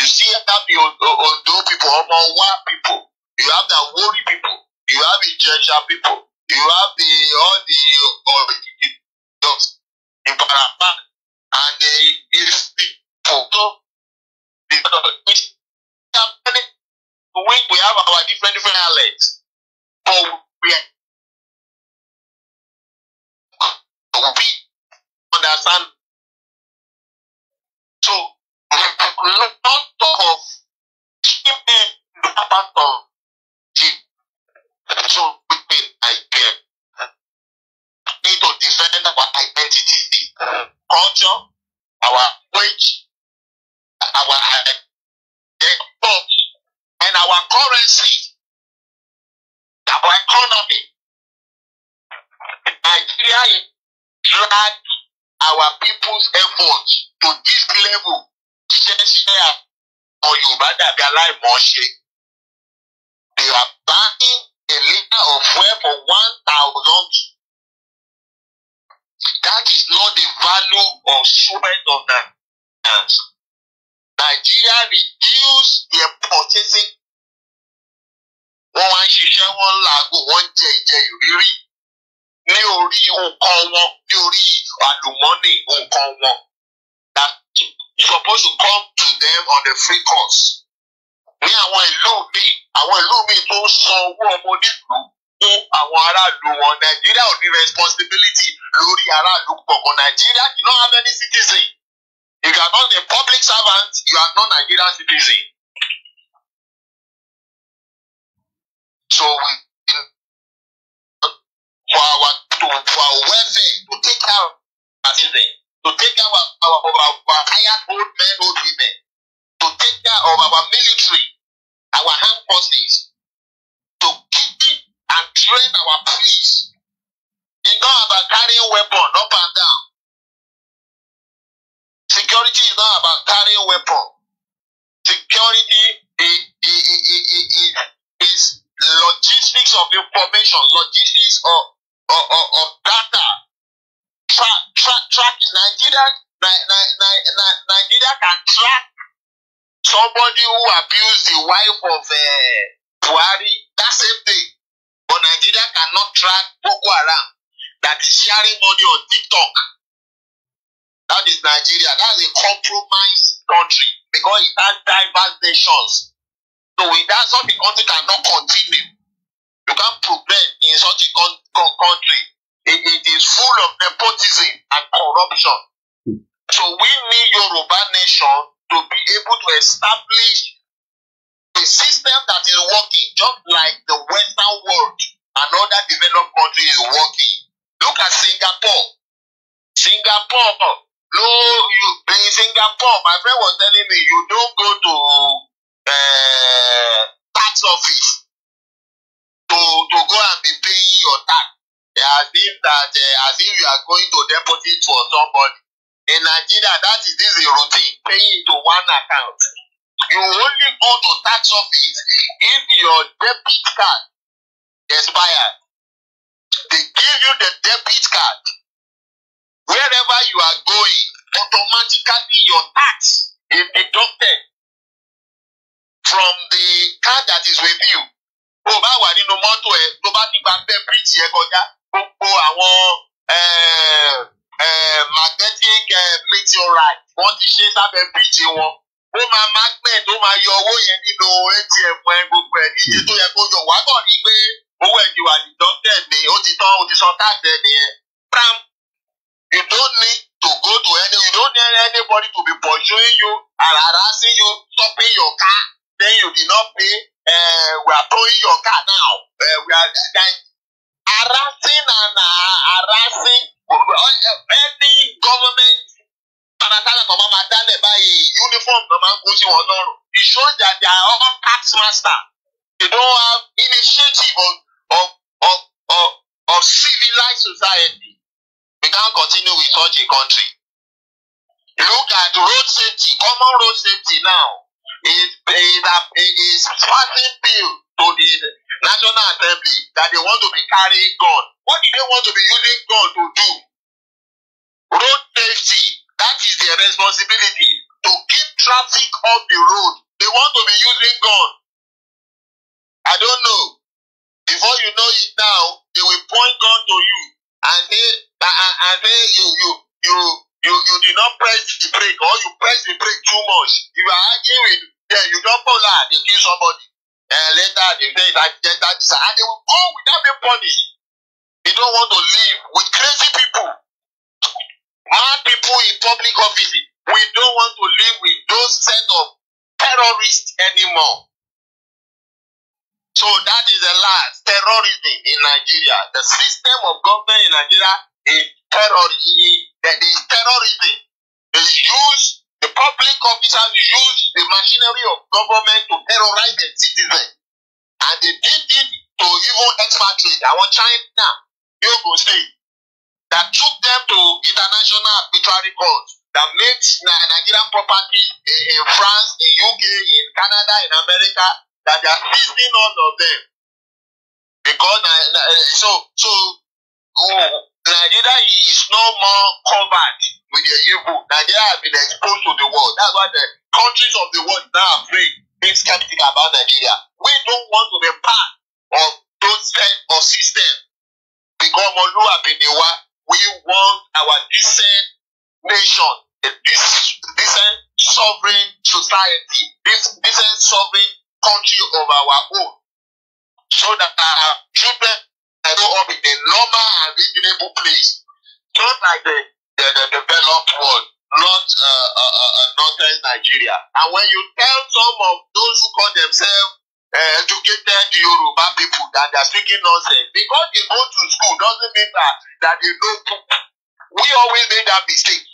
You still have the Ondo people, Omowa people. You have the Wori people. You have the Ijesha people. You have the all the all the, the, the in Parapan and the East people for Because we have our different different outlets, but we are we understand. So not talk of part of the so we women again uh, need to defend our identity, culture, our language our jobs eh, and our currency, our economy. Nigeria dragged our people's efforts to this level. They are buying a liter of fuel for one thousand. That is not the value of so much of that. Nigeria reduce their purchasing. Wọ́n wá ń ṣiṣẹ́, wọ́n ń làágùn, wọ́n ń jẹ ìjẹ ìrírí ní orí nǹkan wọn, ní orí àlùmọ́nì nǹkan wọn. That is supposed to come to them on a free course. Ní àwọn ìlú míì, àwọn ìlú míì tó ń san owó ọmọ onílùú fún àwọn aráàlú wọn. Nigeria ò ní responsibility lórí aráàlú pọ̀ kan. Nigeria cannot have any citizen. If you are not a public servant, you are not a Nigerian citizen. So for our to for our welfare to take care of our citizen, to take care of our, our, our, our old men, old women, to take care of our military, our armed forces, to keep and train our police. It's not about carrying weapon up and down. Security is not about carrying weapon. Security is, is, is logistics of information, logistics of, of, of, of data. Track, track, track Nigeria. Nigeria can track somebody who abused the wife of uh, Buhari. That same thing. But Nigeria cannot track Boko Haram that is sharing money on TikTok. That is Nigeria. That is a compromised country because it has diverse nations. So it that not the country cannot continue. You can't progress in such a con con country. It, it is full of nepotism and corruption. Hmm. So we need Yoruba nation to be able to establish a system that is working just like the Western world and other developed countries is working. Look at Singapore. Singapore no you in Singapore my friend was telling me you don't go to uh, tax office to to go and be paying your tax yeah, as if that uh, as if you are going to deposit for somebody in Nigeria that is this is routine paying to one account you only go to tax office if your debit card expires they give you the debit card Wherever you are going, automatically your tax is deducted from the car that is with you. Bó o bá wà nínú mọ́tò ẹ̀ tó bá ti gba bẹ́ẹ̀ bíríìjì ẹ kọjá, gbogbo àwọn eh, eh, magnetic eh, meteorite wọ́n ti ṣe sábẹ́ bíríìjì wọn. Ó máa magnet ó máa yọ owó yẹn nínú ATM ẹ gbogbo ẹ̀ níye tó yẹ kó yọ wá bọ̀ ni pé owó ẹ̀ ti wà deducted ni ó ti tán ó ti sọ táàgbẹ̀ nìyẹn. You don't need to go to any, you don't need anybody to be pursuing you and harassing you, stopping your car. Then you did not pay. Uh, we are towing your car now. Uh, we are like, harassing and uh, harassing. Any government paratala kan máa dálẹ̀ báyìí uniform kan máa ń kó sí wọn lọ́rùn. It shows that they are all tax master. They don't have initiative of, of, of, of, of civilized society. We can't continue with such a country. Look at road safety, common road safety now. is is it is passing bill to the National Assembly that they want to be carrying gun. What do they want to be using gun to do? Road safety, that is their responsibility to keep traffic off the road. They want to be using gun. I don't know. Before you know it now, they will point gun to you and then And then you, you, you, you, you did not press the brake or you press the brake too much. you are arguing with them, you don't pull out, they kill somebody. And later they say that, that, that and they will go without being punished. They don't want to live with crazy people, mad people in public office. We don't want to live with those set of terrorists anymore. So that is the last terrorism in Nigeria. The system of government in Nigeria the terror, terrorism. They use the public officers use the machinery of government to terrorize the citizens, and they did it to even expatriate our China, will say that took them to international arbitrary courts that makes Nigerian property in, France, in UK, in Canada, in America, that they are seizing all of them. Because, so, so, Nigeria is no more covered with the evil. Nigeria has been exposed to the world. That's why the countries of the world now are free being skeptical about Nigeria. We don't want to be part of those kind of system. Because Moluabi ni wa, we want our decent nation, a decent sovereign society, this decent sovereign country of our own. So that our children and so on in a normal and reasonable place, just like the, the, the developed world, not uh, uh, uh, uh, northern Nigeria. And when you tell some of those who call themselves uh, educated Yoruba people that they are speaking nonsense, because they go to school doesn't mean that, that they know poop. We always made that mistake.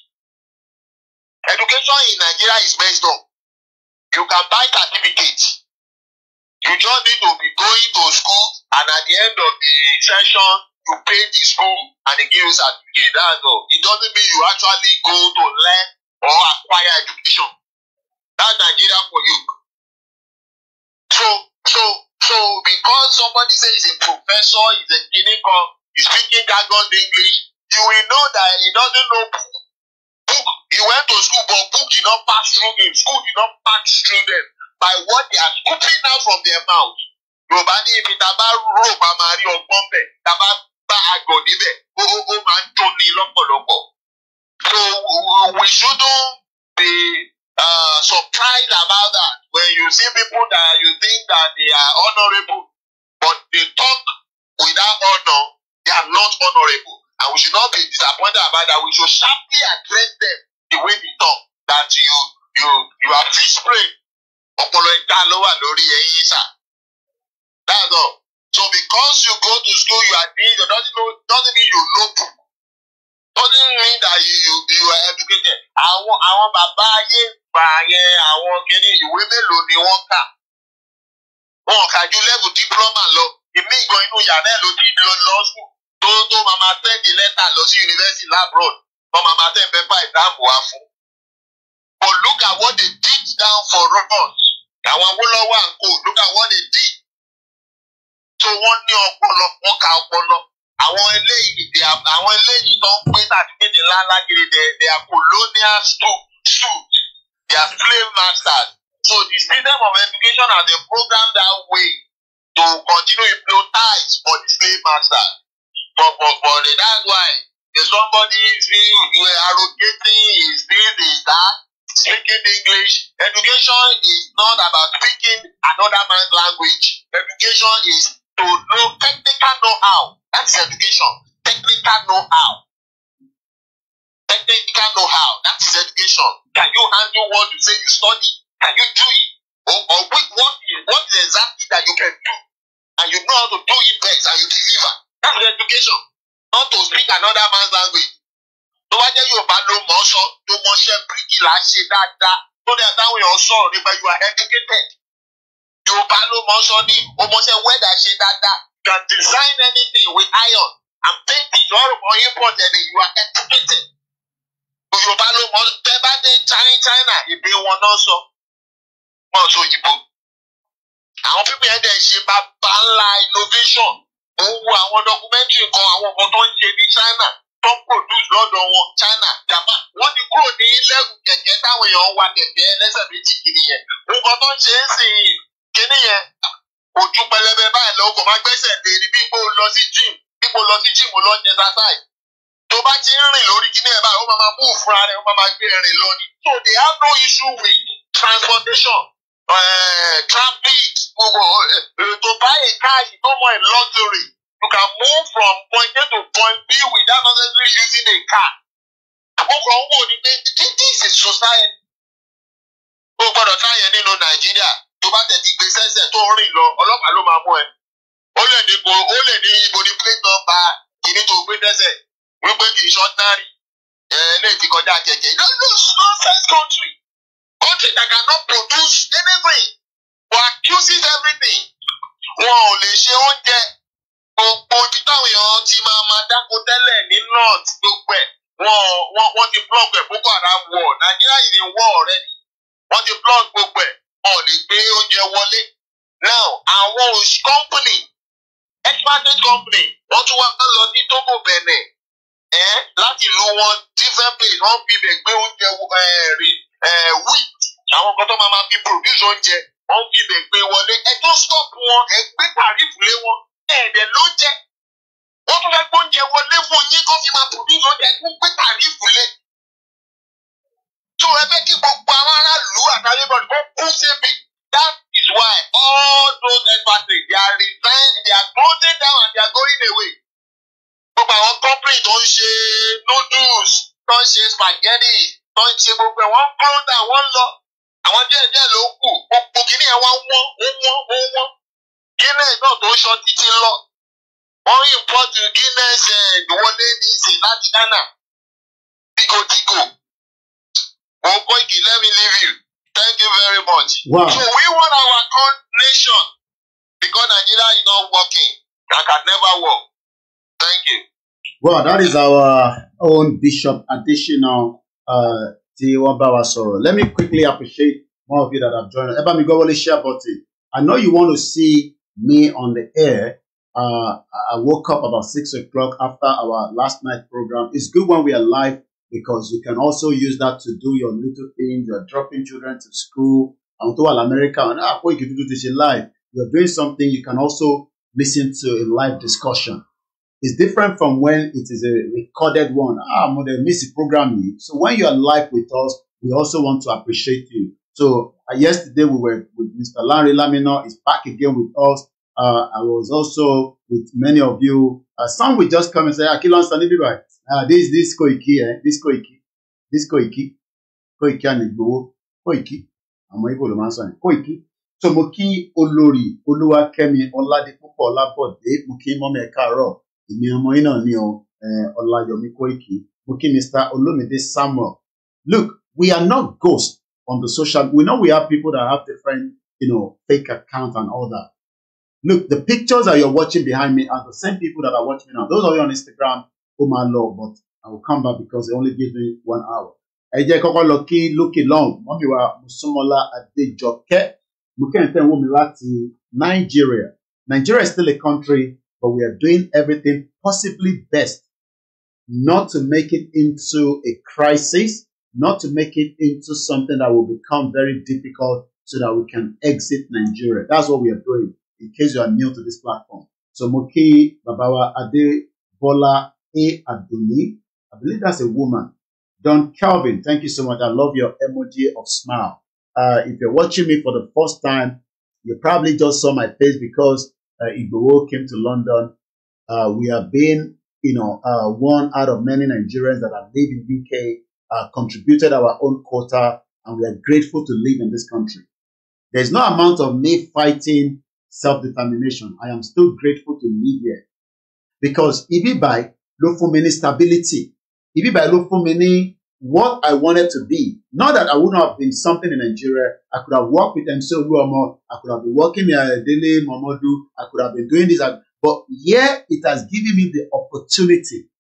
Education in Nigeria is messed up. You can buy certificates. You just need to be going to school and at the end of the session, you pay the school and they give you certificate. That's all. It doesn't mean you actually go to learn or acquire education. That's Nigeria for you. So, so, so because somebody says he's a professor, he's a clinical, he's speaking jargon English, you will know that he doesn't know book. book. He went to school, but book did not pass through him. School did not pass through them. by what they are scooping out from their mouth. Yorùbá ní ibi tá rò bá máa rí ọgbọ́n bẹ̀ tá bá àgọ̀ níbẹ̀ ó ó máa ń dùnni lọ́pọ̀lọpọ̀. So we shouldn't be uh, surprised about that when you see people that you think that they are honourable but they talk without honour they are not honourable and we should not be disappointed about that we should sharply address them the way they talk that you you you are fish brain ọpọlọ ẹja ló wà lórí ẹyin sà that's so because you go to school you are doing your doesn't know doesn't mean you know book doesn't mean that you you you are educated àwọn àwọn bàbá ayé gbà yẹn àwọn kìíní ìwé mélòó ni wọ́n kà wọn kà ju level diploma lọ èmi gan inú yàrá ẹ̀ ló ti lọ lọ school tó tó màmá sẹ́ndì lẹ́tà lọ sí University labroad wọn màmá sẹ́ndì pépà ìdáàbò wa fún. But look at what they did down for us àwọn Awólọ́wọ̀ and co look at what they did so wọ́n ní ọpọlọ wọ́n ka ọpọlọ àwọn eléyìí àwọn eléyìí tó ń pín tàbí méje ńláńlá kiri they they are colonial students they are slave masters so the system of education has been programmed that way to continue hypnotize for the slave masters for for the that's why if somebody see you are allocating his things that speaking English. Education is not about speaking another man's language. Education is to know technical know-how. That's education. Technical know-how. Technical know-how. That is education. Can you handle what you say you study? Can you do it? Or, or with what is what is exactly that you can do? And you know how to do it best and you deliver. That's education. Not to speak another man's language tó wá jẹ́ Yorùbá ló mọ̀ ọ́ sọ tó mọṣẹ́ bíríkìlà ṣe dáadáa tó dẹ̀ táwọn èèyàn sọ̀rọ̀ nípa you are educated Yorùbá ló mọ̀ ọ́ sọ ní ó mọṣẹ́ wẹ́dà ṣe dáadáa you can design anything with iron and paint it all for import ẹni you are educated Yorùbá ló mọ̀ tẹ́ bá dé China ìbí wọn náà sọ wọn sọ òyìnbó àwọn pípẹ́ yẹn dẹ̀ ṣe bàbá ńlá innovation mo wo àwọn documentary kan àwọn nǹkan tó ń ṣe ní China tó produce lọ́dọ̀ wọn China Japan wọ́n ti kúrò ní lẹ́rù kẹ̀kẹ́ táwọn èèyàn wa kẹ̀kẹ́ ẹlẹ́sẹ̀ méjì kiri yẹn nǹkan tó ń ṣe é sì kíní yẹn ojú pẹlẹbẹ báyìí lọ kò má gbẹ́sẹ̀ lé ní bí kò lọ sí gym bí kò lọ sí gym lọ jẹ sásáì tó bá ti ń rìn lórí kíní ẹ̀ báyìí ó máa máa mú fúnra rẹ̀ ó máa gbé rìn lọ ni so they have no issue with transportation eh, traffic gbogbo uh, uh, eh, to buy a car you no more luxury You can move from point A to point B without necessarily using a car. Mo kàn ń pé this is society. O gbọ́dọ̀ káyẹ̀ nínú Nàìjíríà tó bá tẹ̀sí gbé sẹ́sẹ̀ tó ń rìn lọ ọlọ́pàá ló máa mú ẹ. Ó lè ní ibo ó lè ní ibo ní plate number kìíní tó gbé dẹ́sẹ̀ wípé kì í ṣọ́nárì lè ti kọjá jẹjẹ. It small size country. Country that cannot produce anything but accuses everything. Wọn ò lè ṣe oúnjẹ gbogbo ibi táwọn èèyàn ti máa máa dáko tẹ́lẹ̀ ní north gbogbo ẹ̀ wọ́n wọ́n wọ́n ti block ẹ̀ boko haram wọ̀ nàìjíríà yìí ni wọ́ ọ̀rẹ́ ni wọ́n ti block gbogbo ẹ̀ ọ̀ lè gbé oúnjẹ wọlé now àwọn company expatriate company wọ́n tún wá lọ sí Togo Benin ẹ̀ láti lu wọn different place wọ́n fi bẹ̀ gbé oúnjẹ wheat àwọn kan tó máa ma fi produce oúnjẹ wọ́n fi bẹ̀ gbé wọlé ẹ̀ tó stop wọn ẹ̀ gbé tàrífù lé wọn ẹ̀ẹ́dẹ̀ ló jẹ wọ́n tún fẹ́ gbóúnjẹ wọlé fún yín kó fi máa produce oúnjẹ tó ń pè lé tó ẹ fẹ́ kí gbogbo àwọn aráàlú àtàlẹ́ bọ̀ kó kú síbi that is why all those embassies they are resign they are closing down and they are going away gbogbo àwọn company tó ń ṣe noodles tó ń ṣe spaghetti tó ń ṣe gbogbo ẹ̀ wọ́n ń kọ́ ọ́n dà wọ́n lọ àwọn díẹ̀ díẹ̀ ló kù gbogbo kìnìyàn wá wọ́n ó wọ́n wọ́n guinness náà tó ń sọ títí lọ wọ́n ń pọ́tù guinness eh, ìwọlé ní ìsìn láti ghana tigotigo mo boy let me leave you thank you very much. Wow. so we want our own nation because nigeria is not working and can never work thank you. well that is our own bishop additional. Uh, tí wọ́n bá wa sọ̀rọ̀. Let me quickly appreciate one of you that have joined us. Ẹ bá mi share button. I know you want to see me on the air. Uh, I woke up about six o'clock after our last night program. It's good when we are live because you can also use that to do your little things. You're dropping children to school. I'm to America and ah, boy, you can do this in live. You're doing something. You can also listen to a live discussion. It's different from when it is a recorded one. Ah, I'm going to miss the program. So when you are live with us, we also want to appreciate you. So Uh, yesterday we were with Mr. Larry Lamino. He's back again with us. Uh, I was also with many of you. Uh, some will just come and say, Akilon Sanibibai, uh, this, this Koiki, eh? this Koiki, this Koiki, Koiki Anigbowo, Koiki, àmọ́ Igbo ló máa ń sọ yẹn, Koiki. So mo kí olórí Olúwakẹ́mi Ọládépúpọ̀ Ọlábọ̀dé, mo kí mọ́mí ẹ̀ka àárọ̀, èmi ọmọ yìí náà ni o, Ọláyọmí Koiki, mo kí Mr. Olómìdé Samuel. Look, we are not ghosts. on the social. We know we have people that have different, you know, fake accounts and all that. Look, the pictures that you're watching behind me are the same people that are watching me now. Those of you on Instagram, oh my lord, but I will come back because it only gives me one hour. ẹ kọ́kọ́ Loki kí lókè lọ́hùn mọ́mí wa mùsùlùmọ́lá adéjọkẹ́ mùkẹ́ǹtẹ̀ wọ́n láti Nigeria. Nigeria is still a country but we are doing everything possibly best not to make it into a crisis not to make it into something that will become very difficult so that we can exit Nigeria. That's what we are doing, in case you are new to this platform. So Moki Babawa Ade Bola A. Aduni, I believe that's a woman. Don Calvin, thank you so much. I love your emoji of smile. Uh, if you're watching me for the first time, you probably just saw my face because uh, Igbowo came to London. Uh, we have been, you know, uh, one out of many Nigerians that have lived in UK uh, contributed our own quota, and we are grateful to live in this country. There is no amount of me fighting self-determination. I am still grateful to live here because ibi báyìí ló fún mi ní stability. Ibi báyìí ló fún mi ní what I wanted to be. Not that I would not have been something in Nigeria. I could have worked with MC Oluomo. I could have been working at Dele Momodu. I could have been doing this. But here it has given me the opportunity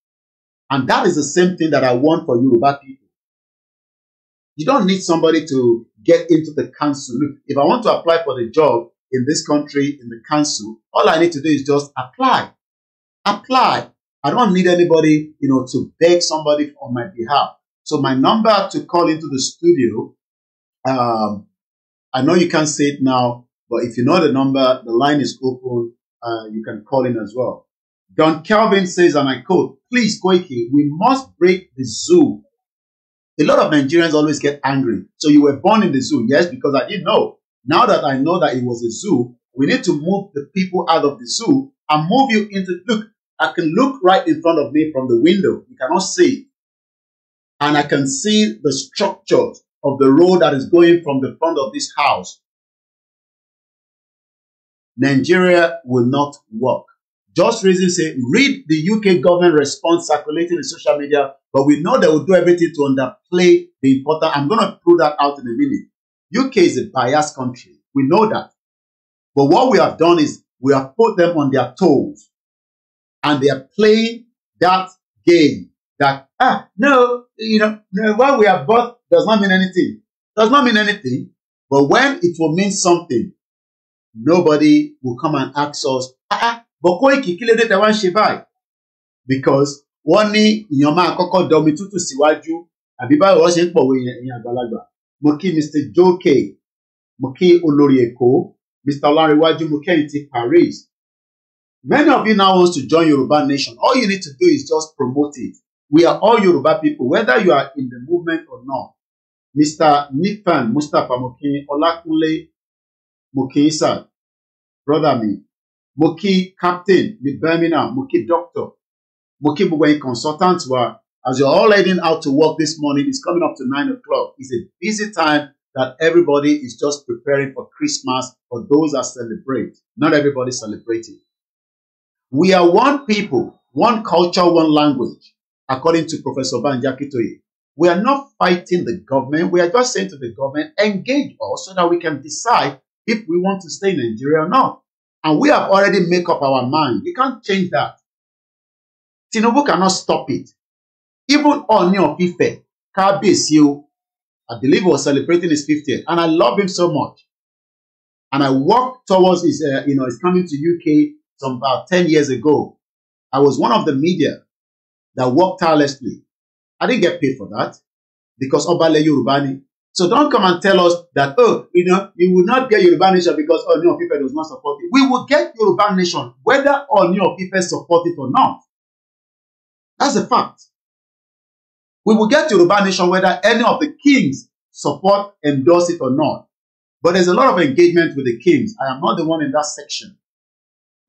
And that is the same thing that I want for Yoruba people. You don't need somebody to get into the council. if I want to apply for the job in this country, in the council, all I need to do is just apply. Apply. I don't need anybody, you know, to beg somebody on my behalf. So my number to call into the studio, um, I know you can't say it now, but if you know the number, the line is open. Uh, you can call in as well. Don Calvin says, and I quote, please, Koike, we must break the zoo. A lot of Nigerians always get angry. So you were born in the zoo. Yes, because I didn't know. Now that I know that it was a zoo, we need to move the people out of the zoo and move you into, look, I can look right in front of me from the window. You cannot see. And I can see the structure of the road that is going from the front of this house. Nigeria will not work. Just Reason say, read the UK government response circulating in social media, but we know they will do everything to underplay the important. I'm going to prove that out in a minute. UK is a biased country. We know that. But what we have done is we have put them on their toes and they are playing that game that, ah, no, you know, what we have bought does not mean anything. Does not mean anything. But when it will mean something, nobody will come and ask us bọ̀ Kóìkì kí lédè tẹ wá ń ṣe báyìí because wọ́n ní èèyàn máa kọ́kọ́ dọmi tútù síwájú àbí báyìí wọ́n ṣe ń pọ̀wé èèyàn àgbàlagbà mo kí Mr. Joke mo kí olórí Èkó Mr. Ọlárẹ̀wájú mo kẹ́yìn ti Paris many of you now want to join Yoruba Nation all you need to do is just promote it we are all Yoruba people whether you are in the movement or not Mr. Nifan Mustapha mo kí Ọlákúnlé mo kí sir brother Me. mo captain the Birmingham mo doctor mo kí consultant as you're all heading out to work this morning it's coming up to nine o'clock it's a busy time that everybody is just preparing for Christmas for those that celebrate not everybody celebrating we are one people one culture one language according to Professor Banja we are not fighting the government. We are just saying to the government, engage us so that we can decide if we want to stay in Nigeria or not. And we have already made up our mind. You can't change that. Tinubu cannot stop it. Even Oni of Ife, I believe was celebrating his 50th, and I love him so much. And I walked towards his, uh, you know, his coming to UK some about 10 years ago. I was one of the media that worked tirelessly. I didn't get paid for that because Obale Yorubani So don't come and tell us that, oh, you know, you will not get Yoruba Nation because Ooni of Ife does not support it. We will get Yoruba Nation whether Ooni of Ife support it or not. That's a fact. We will get Yoruba Nation whether any of the kings support, endorse it or not. But there's a lot of engagement with the kings. I am not the one in that section.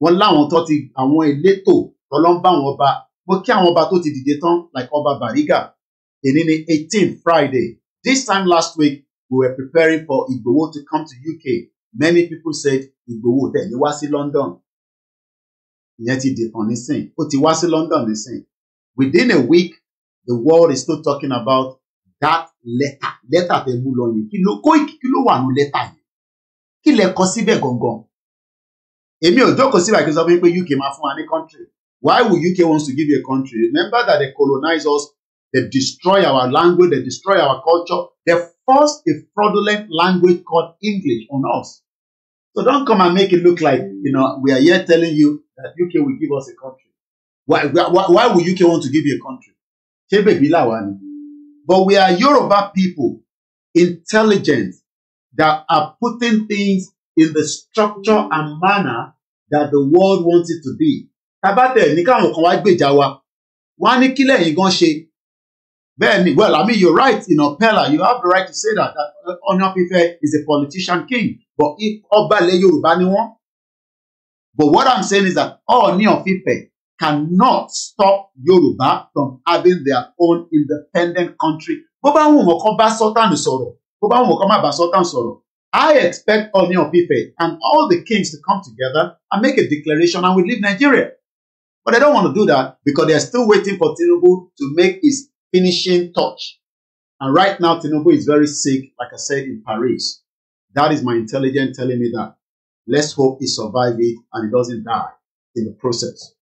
Wọ́n láwọn tó ti àwọn elétò tọ́lọ́mbà wọn ọba. Mo kí àwọn ọba tó ti dìde tán like ọba Bariga. Èní ni 18 Friday This time last week, we were preparing for Igboho to come to UK. Many people said Then tẹ̀lé was in London. Yet Ìyẹn ti dìkan nísìn. But ti was in London the same. Within a week, the world is still talking about that letter. Letter tẹ mú lọ yìí. Kí ló kó kí ló wà nù letter yìí? Kí lẹ kọ síbẹ̀ gangan? Èmi ò jókòó síbẹ̀ UK máa fún country. Why would UK want to give you a country? Remember that they colonize us They destroy our language. They destroy our culture. They force a fraudulent language called English on us. So don't come and make it look like, you know, we are here telling you that UK will give us a country. Why, why, why would UK want to give you a country? But we are Yoruba people, intelligent, that are putting things in the structure and manner that the world wants it to be. Tabate ní káwọn kan wá gbèjà wa, wọ́n á ní gan ṣe, Bẹ́ẹ̀ni, well, I mean, you're right, you know, Pella, you have the right to say that, that uh, Ọ̀nà is a politician king, but ọba ilẹ̀ Yorùbá ni wọ́n. But what I'm saying is that Ọ̀nì of cannot stop Yorùbá from having their own independent country. Bó bá wù wọ́n kó bá Sultan sọ̀rọ̀, bó bá wù wọ́n kó má bá Sultan sọ̀rọ̀. I expect Ọ̀nì of and all the kings to come together and make a declaration and we leave Nigeria. But they don't want to do that because they are still waiting for Tinubu to make his finishing touch. And right now, Tinubu is very sick, like I said, in Paris. That is my intelligence telling me that. Let's hope he survives it and he doesn't die in the process.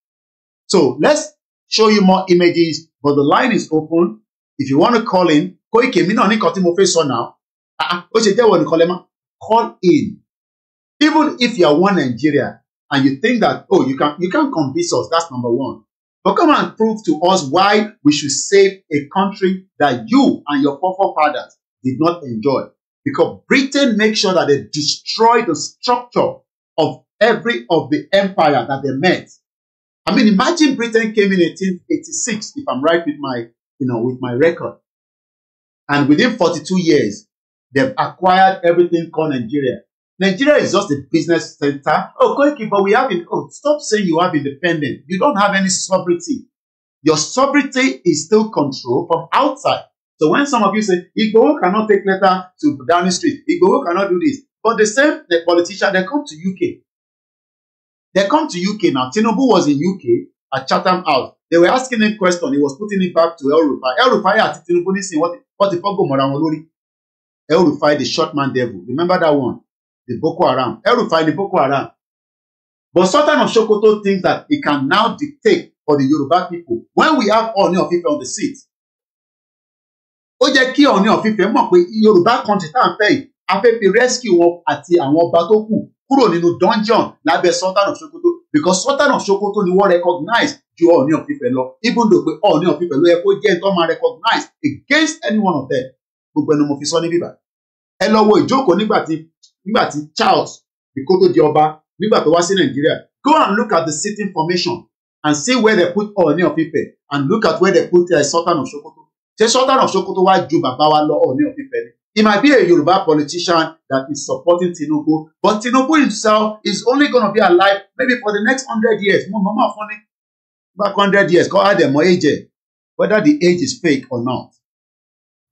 So let's show you more images, but the line is open. If you want to call in, Koike, mi náà ní kan mo fẹ́ sọ now. Ah, ah ó ṣe jẹ́wọ́ nìkan lẹ́mọ́. Call in. Even if you are one Nigeria and you think that, oh, you can, you can convince us, that's number one. But come and prove to us why we should save a country that you and your forefathers did not enjoy. Because Britain made sure that they destroyed the structure of every of the empire that they met. I mean, imagine Britain came in 1886, if I'm right with my, you know, with my record. And within 42 years, they've acquired everything called Nigeria. Nigeria is just a business center. Oh, Koiki, but we have it. Oh, stop saying you have independence. You don't have any sovereignty. Your sovereignty is still controlled from outside. So when some of you say, Igbo cannot take letter to Downing Street, Igbo cannot do this. But the same the politician, they come to UK. They come to UK now. Tinubu was in UK at Chatham House. They were asking him question. He was putting it back to El Rufai. El Rufai àti Tinubu ní sin what the fuck go mọ̀ra wọn El Rufai the short man devil. Remember that one? the Boko Haram. El-Rufai the Boko Haram. But Sultan of Sokoto thinks that he can now dictate for the Yoruba people when we have Ooni of Ife on the seat. Ó jẹ́ kí Ooni of Ife mọ̀ pé Yorùbá country tá à ń fẹ́ yìí a fẹ́ fi rescue wọn àti àwọn ọba tó kù kúrò nínú dungeon lábẹ́ Sultan of Sokoto because Sultan of Sokoto ni wọ́n recognize ju Ooni of Ife lọ even though pé Ooni of Ife ló yẹ kó jẹ́ nǹkan máa recognize against any one of them. Gbogbo ẹni mo fi sọ ní bíbá. Ẹ lọ wo ìjókòó nígbà tí nígbà tí Charles the tó di ọba nígbà tó wá sí Nàìjíríà go and look at the sitting formation and see where they put Ọọ̀ni of Ife and look at where they put uh, Sultan of Sokoto ṣé Sultan of Sokoto wá ju bàbá wa lọ Ọọ̀ni of Ife ni He might be a Yoruba politician that is supporting Tinubu, but Tinubu himself is only going to be alive maybe for the next hundred years. Mo mama funny back hundred years call add more age e, whether the age is fake or not.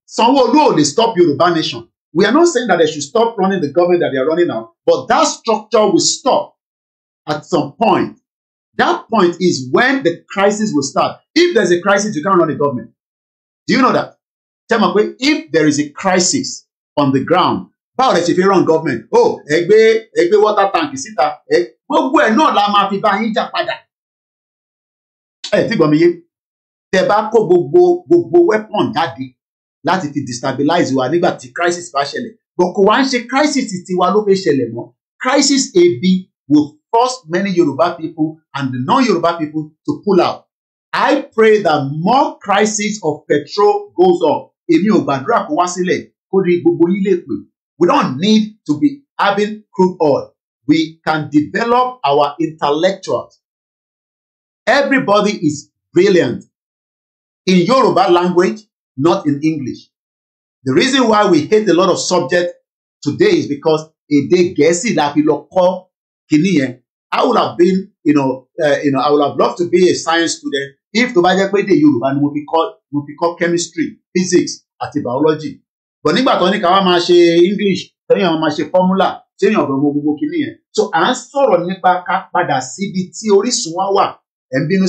Sanwó-Olú ò lè stop Yoruba nation. We are not saying that they should stop running the government that they are running now, but that structure will stop at some point. That point is when the crisis will start. If there's a crisis, you can't run the government. Do you know that? Tell me, if there is a crisis on the ground, báwo lẹ ṣe run government? Oh, ẹ gbé water tank, you see that? Gbogbo ẹ̀ náà la máa fi bá yín jà padà. Ẹ ti gbọ́ mi yé. Tẹ bá kó gbogbo gbogbo weapon jáde láti fi destabilize wa nígbà tí crisis bá ṣẹlẹ̀ but kò wá ń ṣe crisis tiwa ló fẹ́ ṣẹlẹ̀ mọ́ crisis ebi will force many Yoruba people and non-Yoruba people to pull out I pray that more crisis of petrol goes on èmi ò gbàdúrà kó wá sílẹ̀ kó rí gbogbo yín lè pè we don't need to be having crude oil we can develop our intellectuals everybody is brilliant in Yoruba language not in English. The reason why we hate a lot of subjects today is because èdè Gẹ̀ẹ́sì la fi lọ kọ́ kìíní yẹn. I would have been, you know, uh, you know, I would have loved to be a science student if tó bá jẹ́ pé èdè Yorùbá ni mo fi kọ́ mo fi chemistry, physics àti biology. But nígbà toni ní ká wá English, toni àwọn máa ṣe formula, toni ọ̀dọ̀ ọmọ gbogbo kìíní yẹn. So à ń sọ̀rọ̀ nípa ká padà síbi tí orísun wa wà, ẹ̀ ń bínú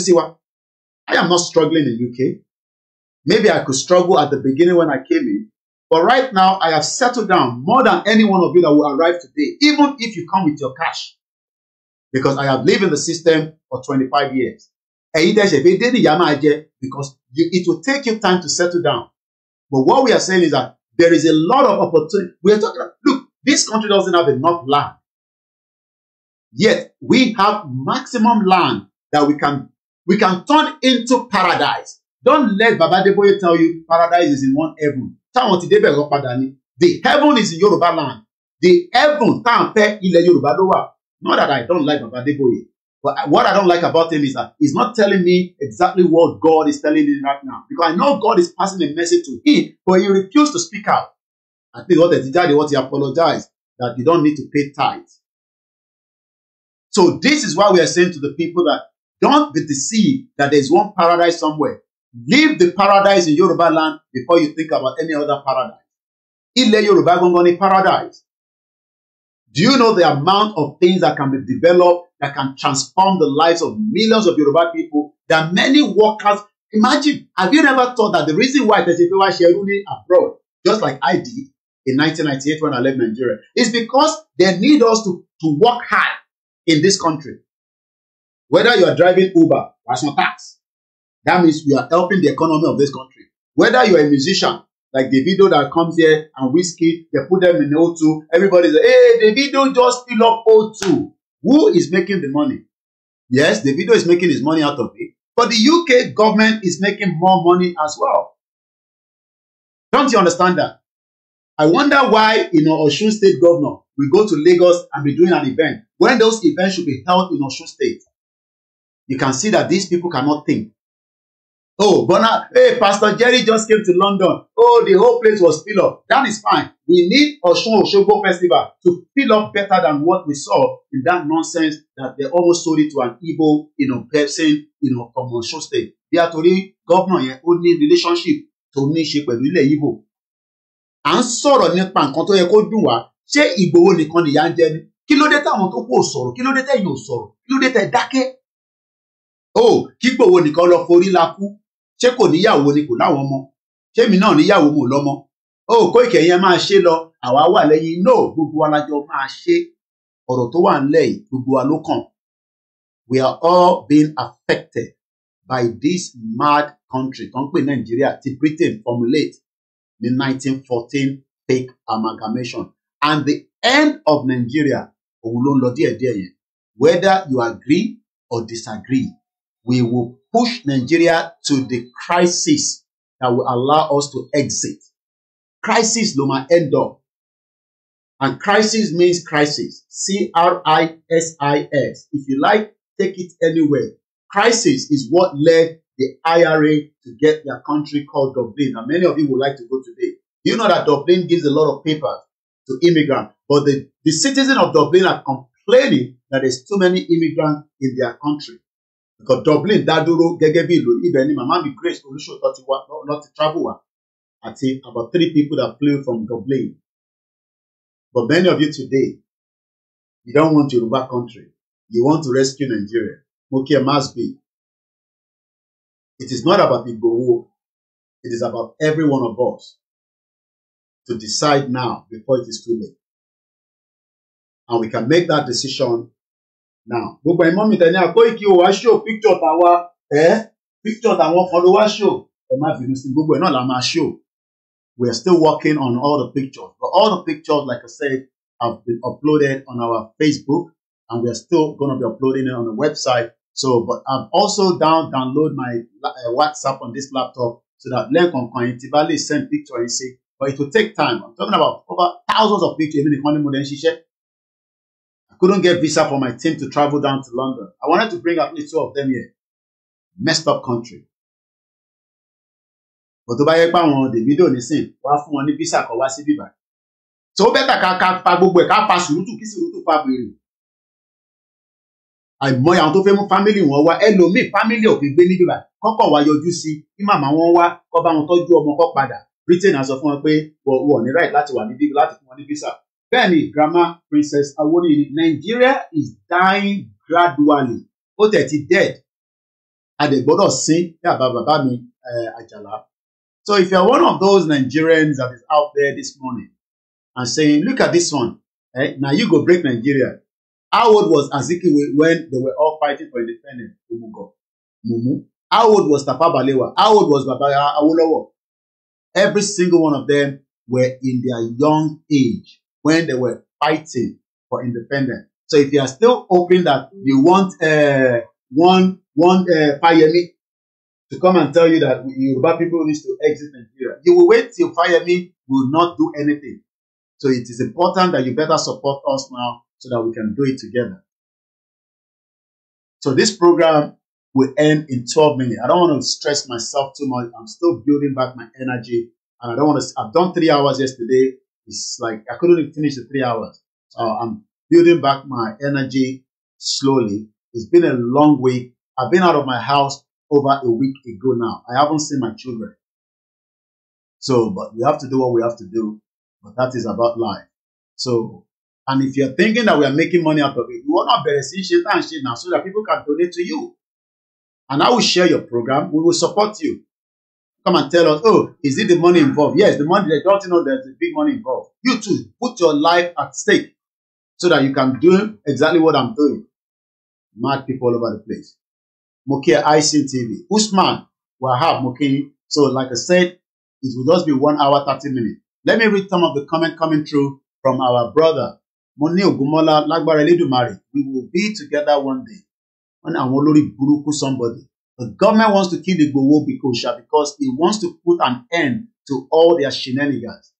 I am not struggling in UK. Maybe I could struggle at the beginning when I came in, but right now I have settled down more than any one of you that will arrive today, even if you come with your cash. Because I have lived in the system for 25 years. Because it will take you time to settle down. But what we are saying is that there is a lot of opportunity. We are talking about, look, this country doesn't have enough land. Yet we have maximum land that we can we can turn into paradise don't let Baba Deboye tell you paradise is in one heaven. The heaven is in Yoruba land. The heaven tá à pay fẹ́ ilẹ̀ Yorùbá Not that I don't like Baba Deboye. But what I don't like about him is that he's not telling me exactly what God is telling me right now. Because I know God is passing a message to him, but he refused to speak out. I think what he did, what he apologized, that you don't need to pay tithes. So this is why we are saying to the people that don't be deceived that there's one paradise somewhere. Leave the paradise in Yoruba land before you think about any other paradise. Ile Yoruba Gongoni paradise. Do you know the amount of things that can be developed that can transform the lives of millions of Yoruba people that many workers imagine? Have you never thought that the reason why Tesifewa Sheruni abroad, just like I did in 1998 when I left Nigeria, is because they need us to, to work hard in this country. Whether you are driving Uber, or some tax. That means you are helping the economy of this country. Whether you're a musician, like Davido that comes here and whiskey, they put them in O2. Everybody's like, hey, Davido just fill up O2. Who is making the money? Yes, Davido is making his money out of it, but the UK government is making more money as well. Don't you understand that? I wonder why, you know, Osun State governor we go to Lagos and be doing an event when those events should be held in Osun State. You can see that these people cannot think. Oh, Bona, hey, Pastor Jerry just came to London. Oh, the whole place was filled up. That is fine. We need Oshun Oshobo Festival to fill up better than what we saw in that nonsense that they almost sold it to an evil, you know, person, you know, from Osun State. Bí a torí gọ́vnà yẹn ó relationship tó ní ṣe pẹ̀lú ilẹ̀ Igbo. À ń sọ̀rọ̀ nípa nǹkan tó yẹ kó dùn wá. Ṣé Ìgbòho the nìyà ń jẹ ni? Kí ló dé táwọn tó kù ò sọ̀rọ̀? Kí ló dé tẹ̀yìn Oh, kí Ìgbòho nìkan lọ forí la kú ṣé kò níyàwó ni kò láwọn ọmọ ṣémi náà níyàwó mò lọ́mọ ó kó ìkẹyìn máa ṣe lọ àwa wà lẹ́yìn no gbogbo wa lájọ máa ṣe ọ̀rọ̀ tó wà ńlẹ̀ yìí gbogbo wa ló kàn we are all being affected by this mad country tó ń pè Nàìjíríà ti Britain formulate ní 1914 fake amalgamation and the end of Nigeria òun ló ń lọ díẹ̀díẹ̀ yẹn whether you agree or disagree we will push Nigeria to the crisis that will allow us to exit. Crisis no ma end up. And crisis means crisis. C-R-I-S-I-S. If you like, take it anywhere. Crisis is what led the IRA to get their country called Dublin. And many of you would like to go today. You know that Dublin gives a lot of papers to immigrants, but the, the citizens of Dublin are complaining that there's too many immigrants in their country. because Dublin dá dúró gẹ́gẹ́ bí ìlú ibẹ̀ ni màmá mi Grace Olúṣòótọ́ ti wá lọ ti travel wá àti about three people that flew from Dublin but many of you today you don't want Yoruba country you want to rescue Nigeria mo kí ẹ must be it is not about Igboho it is about every one of us to decide now before it is too late and we can make that decision now gbogbo ẹ̀ mọ́mì tẹ̀ ní Koiki o wá ṣó píkítọ̀ tàwa ẹ̀ píkítọ̀ tàwọn kan ló wá ṣó ẹ̀ má bínú sí gbogbo ẹ̀ náà la máa ṣó we are still working on all the pictures but all the pictures like I said have been uploaded on our Facebook and we are still gonna be uploading it on the website so but I've also down download my uh, WhatsApp on this laptop so that lẹ́ẹ̀kọ̀ọ̀kan yìí ti bá lè send picture yìí sí but it will take time I'm talking about over thousands of pictures even the economy mo lè ń ṣiṣẹ́ I couldn't get visa for my team to travel down to London. I wanted to bring at least two of them here. Messed up country. But tó bá yẹ pé àwọn Davido nísìn, wá fún wọn ní visa kan wá sí bíbá. So ó bẹ́tà ká ká to gbogbo ẹ̀ ká pa sùúrùtù kí sùúrùtù pa bèrè. Àìmọye àwọn tó fẹ́ mú fámílì wọn wá ẹlòmíì fámílì òfin gbé ní bíbá kọ́kọ́ wá yọjú sí kí màmá wọn wá kọ́ bá wọn tọ́jú ọmọ kọ́ padà. Britain á sọ fún wọn pé wọ́n ní right láti wà ní bíbá láti fún wọn ní visa bẹ́ẹ̀ni grandma princess awoni ni Nigeria is dying gradually ó tẹ̀ ti dead adẹ̀gbọ́dọ̀ sin ní àbá bàbá mi eh, àjàlá so if you are one of those Nigerians that is out there this morning and saying look at this one eh, na you go break Nigeria how old was Azikiwe when they were all fighting for independence omugo mumu how old was Tafawa Balewa how old was Baba Awolowo every single one of them were in their young age when they were fighting for independence. So if you are still hoping that you want uh, one one uh, Fayemi to come and tell you that Yoruba people need to exit Nigeria, you will wait till Fayemi will not do anything. So it is important that you better support us now so that we can do it together. So this program will end in 12 minutes. I don't want to stress myself too much. I'm still building back my energy and I don't want to. I've done three hours yesterday. It's like I couldn't even finish the three hours. So I'm building back my energy slowly. It's been a long week. I've been out of my house over a week ago now. I haven't seen my children. So, but we have to do what we have to do. But that is about life. So, and if you're thinking that we are making money out of it, you want to better see shit and shit now so that people can donate to you. And I will share your program. We will support you. come and tell us, oh, is it the money involved? Yes, the money, they don't know there's a big money involved. You too, put your life at stake so that you can do exactly what I'm doing. Mad people all over the place. Mokia ICTV. Usman Wahab Mokin. So, like I said, it will just be one hour, 30 minutes. Let me read some of the comment coming through from our brother, Moni Ogumola Lagbara Eledumare. We will be together one day. When I want to somebody. The government wants to kill the Igboho Bikosha because it wants to put an end to all their shenanigans.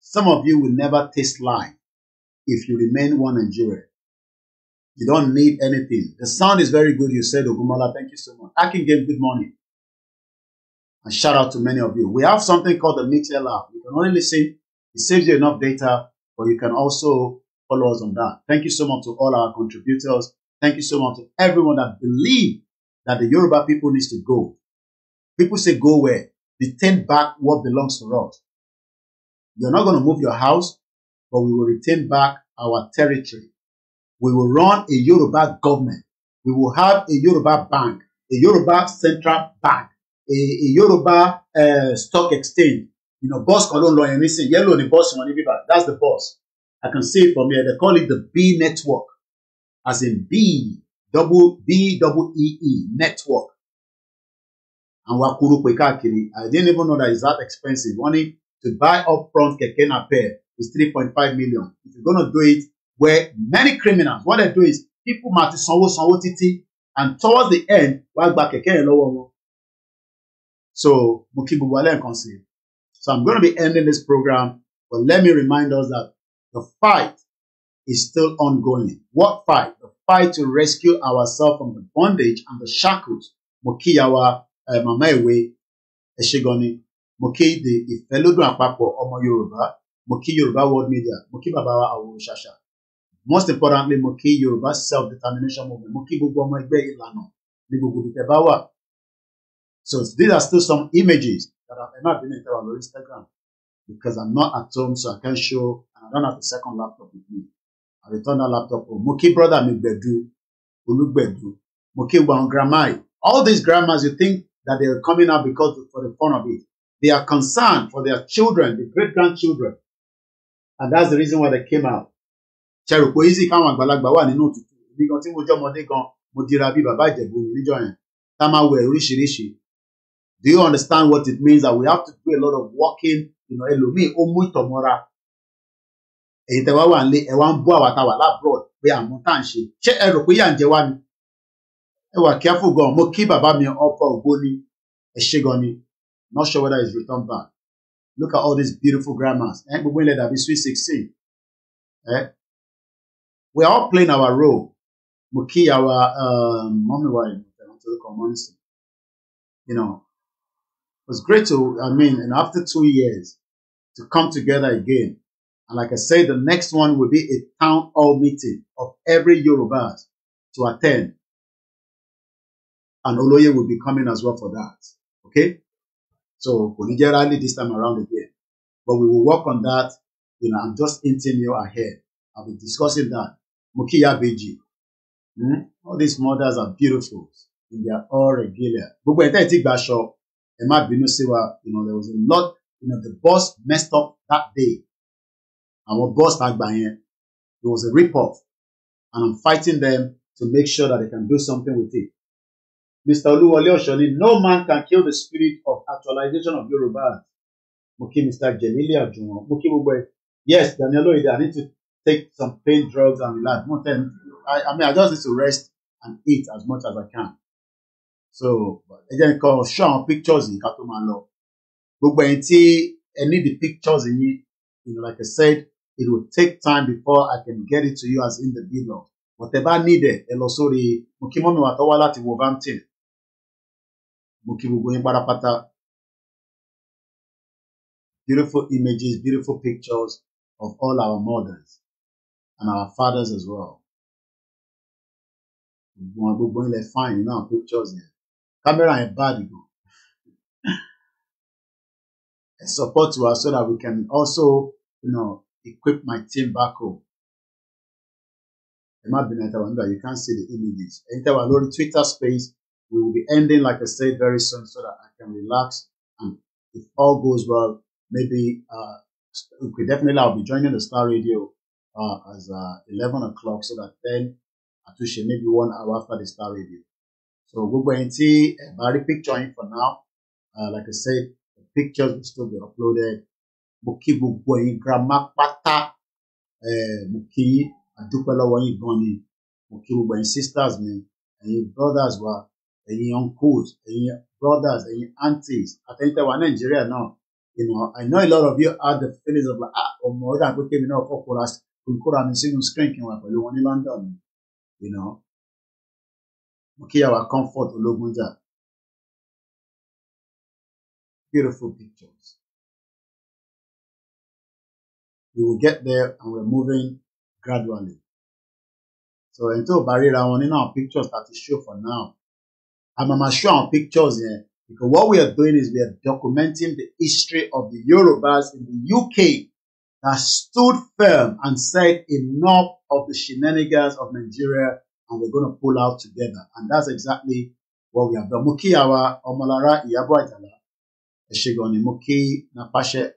Some of you will never taste life if you remain one Nigerian. You don't need anything. The sound is very good, you said, Ogumala. Thank you so much. can Game, good morning. And shout out to many of you. We have something called the Mixlr app. You can only listen. It saves you enough data, but you can also follow us on that. Thank you so much to all our contributors. Thank you so much to everyone that believed that the Yoruba people needs to go. People say go where? Return back what belongs to us. You're not going to move your house, but we will return back our territory. We will run a Yoruba government. We will have a Yoruba bank, a Yoruba central bank, a, a Yoruba uh, stock exchange. You know, boss on lawyer, and say yellow the boss on That's the boss. I can see it from here. They call it the B network, as in B double B double e, e E network. And wa kurupe káàkiri. I didn't even know that it's that expensive. Only to buy upfront keke pair is 3.5 million. If you're gonna do it, where many criminals, what they do is people mati ti sanwó titi and towards the end, wàá gba kẹ̀kẹ́ lower lọ́wọ́ So mo kí gbogbo alẹ́ So I'm gonna be ending this program, but let me remind us that the fight is still ongoing. What fight? The fight to rescue ourselves from the bondage and the shackles mo kí ìyàwó màmá ìwé ẹ̀ṣẹ̀gànnì the ìfẹ́lódùn àpapọ̀ ọmọ yorùbá mo kí world media mo babawa bàbá most importantly mo kí self determination movement mo kí gbogbo ọmọ ẹgbẹ́ ìlànà ní gbogbo ibi tẹ́ so these are still some images that are not been entered on instagram because i'm not at home so i can't show and i don't have a second laptop with me I return àrètọ́nà laptop mo kí brother mi gbẹ̀du olúgbẹ̀du mo kí gbọ̀n grandma all these grandmas you think that they are coming out because for the fun of it they are concerned for their children the great grandchildren and that's the reason why they came out ṣẹ̀rù pé easy káwọn àgbàlagbà wà nínú òtútù ibi gan tí mo jẹ́ ọmọdé gan mo dira bí bàbá ìjẹ̀bù níjọ yẹn tá máa wẹ̀ oríṣiríṣi do you understand what it means that we have to do a lot of walking you know, elumi ó mú ẹ̀yin tẹ́ wá wà nílé ẹ wá ń bọ àwa tá wà lábúrò pé àmọ́ tá à ń ṣe ṣé ẹ rò pé yà ń jẹ wá ni ẹ wà careful gan mo kí bàbá mi ọkọ ògbó ni ẹ ṣe gan ni not sure whether it's returned back look at all these beautiful grammars ẹ gbogbo ilẹ̀ dàbí sweet sixteen ẹ we are all playing our role mo kí àwa mọ́mí um, wa ìlú ẹ̀rọ tó lóko mọ́mí sí you know it was great to i mean and after two years to come together again And like I said, the next one will be a town hall meeting of every Yoruba to attend. And Oloye will be coming as well for that. Okay? So, Onija rally this time around again. But we will work on that. You know, I'm just hinting you ahead. I'll be discussing that. Mukiya Beji. Hmm? All these mothers are beautiful. And they are all regular. when I tẹ́ ti gbaṣọ, ẹ might be sí wa. You know, there was a lot, you know, the boss messed up that day. àwọn boss tá gbà yẹn it was a ripoff, and i'm fighting them to make sure that they can do something with it mr oluwole osoni no man can kill the spirit of actualization of yoruba mo kí mr jelili ajumon mo kí gbogbo ẹ yes daniel oyede i need to take some pain drugs and relax mo tell you i i mean i just need to rest and eat as much as i can so ẹ jẹ́ nǹkan ṣọ́ àwọn pictures yìí ká tó máa lọ gbogbo ẹ̀yin tí ẹ need the pictures yìí you know, like i said it will take time before I can get it to you as individual but ẹ bá need ẹ ẹ lọ sórí mo kí mọ́mí wa beautiful images beautiful pictures of all our mothers and our fathers as well gbogbo gbogbo ilẹ̀ fine pictures here. Camera yẹn bad gan support to us so that we can also you know, equip my team back home. It might be Netawanua, you can't see the images. Enter our Lord Twitter space. We will be ending, like I said, very soon so that I can relax. And if all goes well, maybe, uh, definitely I'll be joining the Star Radio, uh, as, uh, 11 o'clock so that then àtúnṣe maybe one hour after the star radio. So gbogbo ẹni tí see a very picture yín for now, uh, like I said, the pictures will still be uploaded mo kí gbogbo ẹ̀yin girama pátá eh, mo kí yín àdúpẹ́ lọ́wọ́ yín gan ni mo kí gbogbo ẹ̀yin sisters mi ẹ̀yin brothers wa ẹ̀yin uncles ẹ̀yin brothers ẹ̀yin aunties àtẹ̀yìntẹ̀ wa nàìjíríà náà you know i know a lot of you had the feelings of like ah ọmọ ọdún àgbẹ̀kẹ́ mi náà kọ́ kóra kóra mi sínú screen kí n wà pẹ̀lú wọn ní london ni you know mo kí yàwá comfort ológun jà beautiful pictures. we will get there and we're moving gradually. So until barrier to in our pictures that is show for now. I'm gonna show our pictures here because what we are doing is we are documenting the history of the Yorubas in the UK that stood firm and said enough of the shenanigans of Nigeria and we're gonna pull out together. And that's exactly what we have done. Mukiawa Omolara Iyabo Ajala Eshegoni Muki Napashe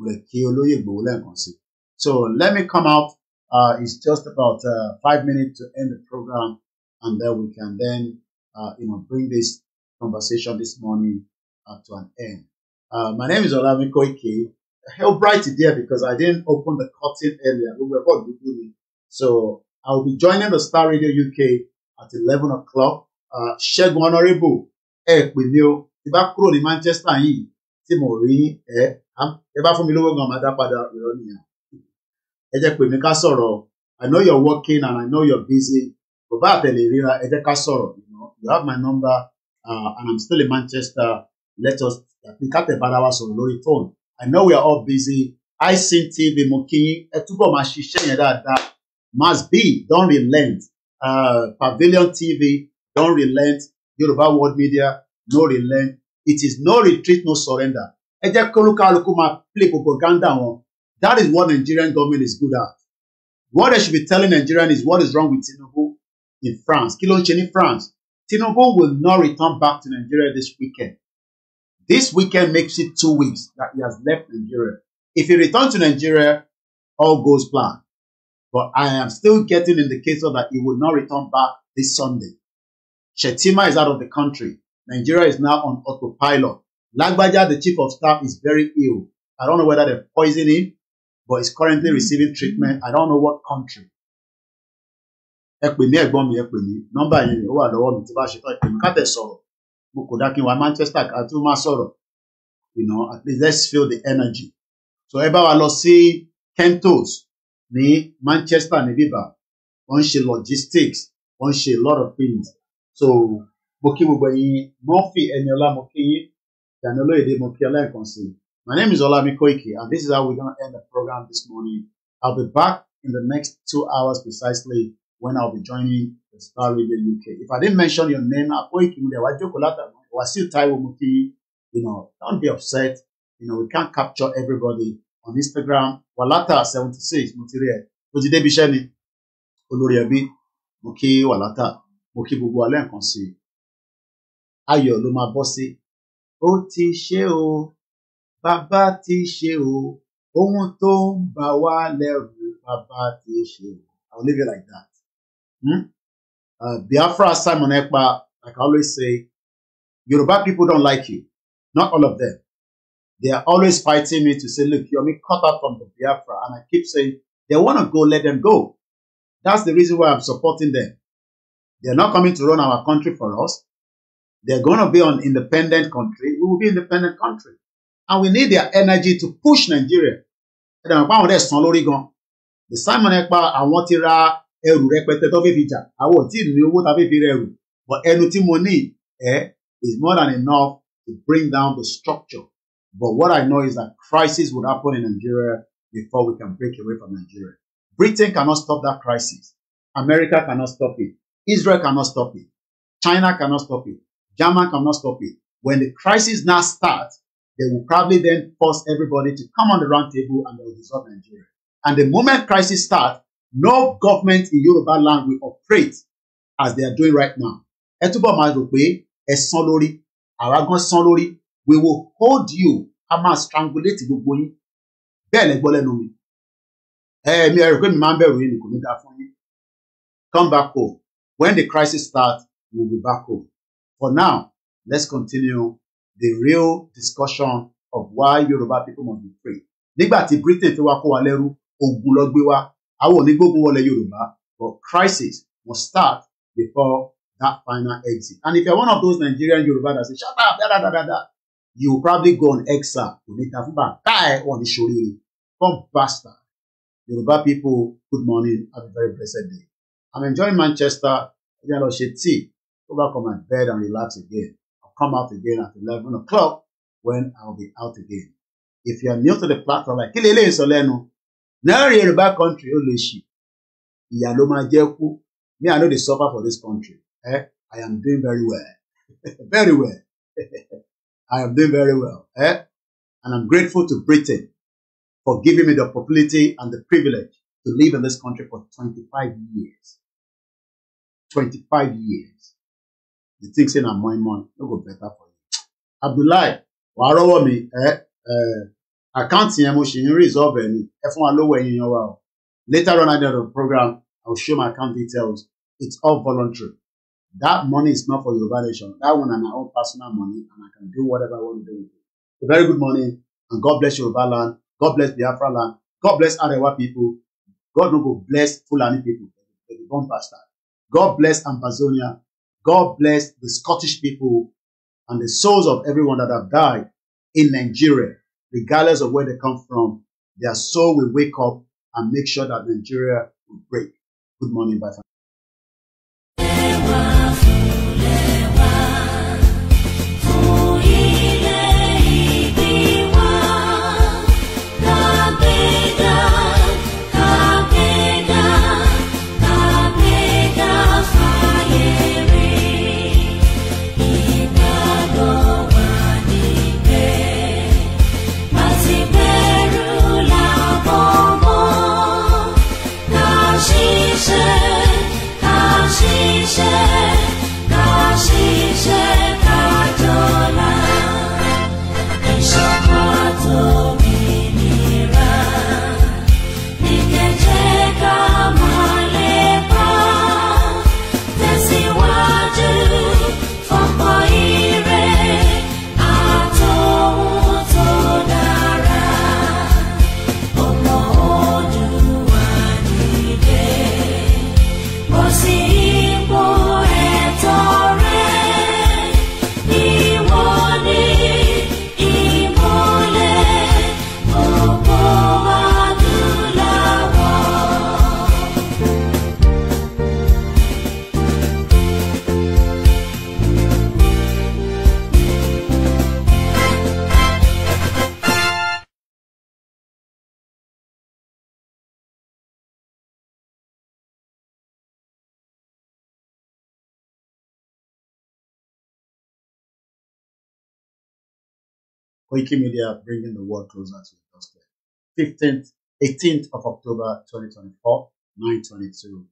Uleke Oloye Gbowolenkonsi. So let me come out. Uh, it's just about uh, five minutes to end the program, and then we can then uh, you know bring this conversation this morning uh, to an end. Uh, my name is Olami Koike. Hell bright there because I didn't open the curtain earlier. We were about to So I will be joining the Star Radio UK at 11 o'clock. Uh, Shegun Honorable, ẹ pè mí o, ti bá Manchester tí mo rí ẹ ẹ bá fún mi lówó gan máa dá padà ìrọ nìyẹn ẹ jẹ́ pè mí ká sọ̀rọ̀ I know you're working and I know you're busy kò bá àtẹlẹ ríra ẹ jẹ́ ká sọ̀rọ̀ you know you have my number uh, and I'm still in Manchester let us ká tẹ bára wa sọ̀rọ̀ lórí phone I know we are all busy I ISIN TV mo kí yín ẹ túbọ̀ máa ṣiṣẹ́ yẹn dáadáa must be don't relent uh, Pavilion TV don't relent Yoruba World Media no relent it is no retreat no surrender ẹ jẹ́ kí olúkálukú máa play propaganda wọn that is what Nigerian government is good at what they should be telling Nigerians is what is wrong with Tinubu in France kí ló ń ṣe ní France Tinubu will not return back to Nigeria this weekend this weekend makes it two weeks that he has left Nigeria if he returns to Nigeria all goes plan but I am still getting indicator that he will not return back this Sunday Shetima is out of the country Nigeria is now on autopilot. Lagbaja, the chief of staff, is very ill. I don't know whether they poisoned him, but is currently receiving treatment. I don't know what country. Ẹ pè mí ẹ̀gbọ́n mi ẹ pè mí nọ́mbà yẹn ó wà lọ́wọ́ mi tí bá ṣe tán ẹ pè mí ká tẹ̀ Manchester àti ó máa sọ̀rọ̀ you know at least let's feel the energy so ẹ bá wa lọ sí Kentos ní Manchester ní bíbá wọ́n ń ṣe logistics wọ́n she a lot of things so mo kí gbogbo yín murphy eniola mo kí yín dani olóyèdè mo my name is olami koike and this is how we're going to end the program this morning i'll be back in the next two hours precisely when i'll be joining the star radio uk if i didn't mention your name akoiki mo de wa joko lata wa still taiwo mo you know don't be upset you know we can't capture everybody on instagram walata 76, six mo ti rí ẹ ó ti débi walata mo kí gbogbo alẹ́ ayọ̀ ló máa bọ́ sí. ó ti ṣe o bàbá ti ṣe o ohun tó ń bà wá lẹ́rù bàbá ti ṣe o I will leave it like that. Hmm? Uh, Biafra Simon Ekpa, like I always say, Yoruba people don't like you. Not all of them. They are always fighting me to say, look, you're me cut out from the Biafra. And I keep saying, they want to go, let them go. That's the reason why I'm supporting them. They are not coming to run our country for us. They're going to be an independent country. We will be independent country. And we need their energy to push Nigeria. Ẹ̀dá àwọn àwọn ọ̀dẹ́ san lórí gan. The Simon Ekpa àwọn ti ra ẹrù rẹpẹtẹ tó fi fi jà. Àwọn ò tí ì ní owó tá fi fi rẹ But ẹnu tí mo ní ẹ is more than enough to bring down the structure. But what I know is that crisis would happen in Nigeria before we can break away from Nigeria. Britain cannot stop that crisis. America cannot stop it. Israel cannot stop it. China cannot stop it. German cannot stop it. When the crisis now starts, they will probably then force everybody to come on the round table and they will dissolve Nigeria. And the moment crisis starts, no government in Yoruba land will operate as they are doing right now. Ẹ túbọ̀ máa we will hold you, a máa strangulate gbogbo yín. Bẹ́ẹ̀ lẹ gbọ́ lẹ́nu mi. Ẹ mi ẹ rò pé mi máa ń bẹ̀rù yín ni kò ní dáa fún yín. Come back home. When the crisis starts, we will be back home. For now, let's continue the real discussion of why Yoruba people must be free. Nígbà tí Britain tó wá kó wa lẹ́rú, ogun ló gbé wa, àwọn onígbógun wọlé Yorùbá, but crisis must start before that final exit. And if you're one of those Nigerian Yoruba that say, shut up, da da da da da, you probably go on exile. to ní ta fún bàtà ẹ̀ wọ́n Come bastard. Yoruba people, good morning. Have a very blessed day. I'm enjoying Manchester. Yàrá ṣe tea. go back on my bed and relax again. I'll come out again at 11 o'clock when I'll be out again. If you are new to the platform, like Ilele Soleno, now in back country, Oleshi, Iyaloma Jeku, me, I know they suffer for this country. Eh? I am doing very well. very well. I am doing very well. Eh? And I'm grateful to Britain for giving me the opportunity and the privilege to live in this country for 25 years. 25 years. the thing say na moi moi no go better for you abdullahi wà á rọwọ mi ẹ ẹ àkáǹtì yẹn mo ṣì ń resolve ẹ ní ẹ fún wa lówó ẹ̀yin yan wa o later on I the end the program i will show my account details it's all voluntary that money is not for your valuation. that one na my own personal money and i can do whatever i wan do with it a very good morning and god bless Yoruba land god bless Biafra land god bless Arewa people god no go bless Fulani people dem be born pastor. god bless Ambazonia God bless the Scottish people and the souls of everyone that have died in Nigeria, regardless of where they come from. Their soul will wake up and make sure that Nigeria will break. Good morning, bye. Koiki Media bringing the world closer to your doorstep. 15th, 18th of October 2024, 922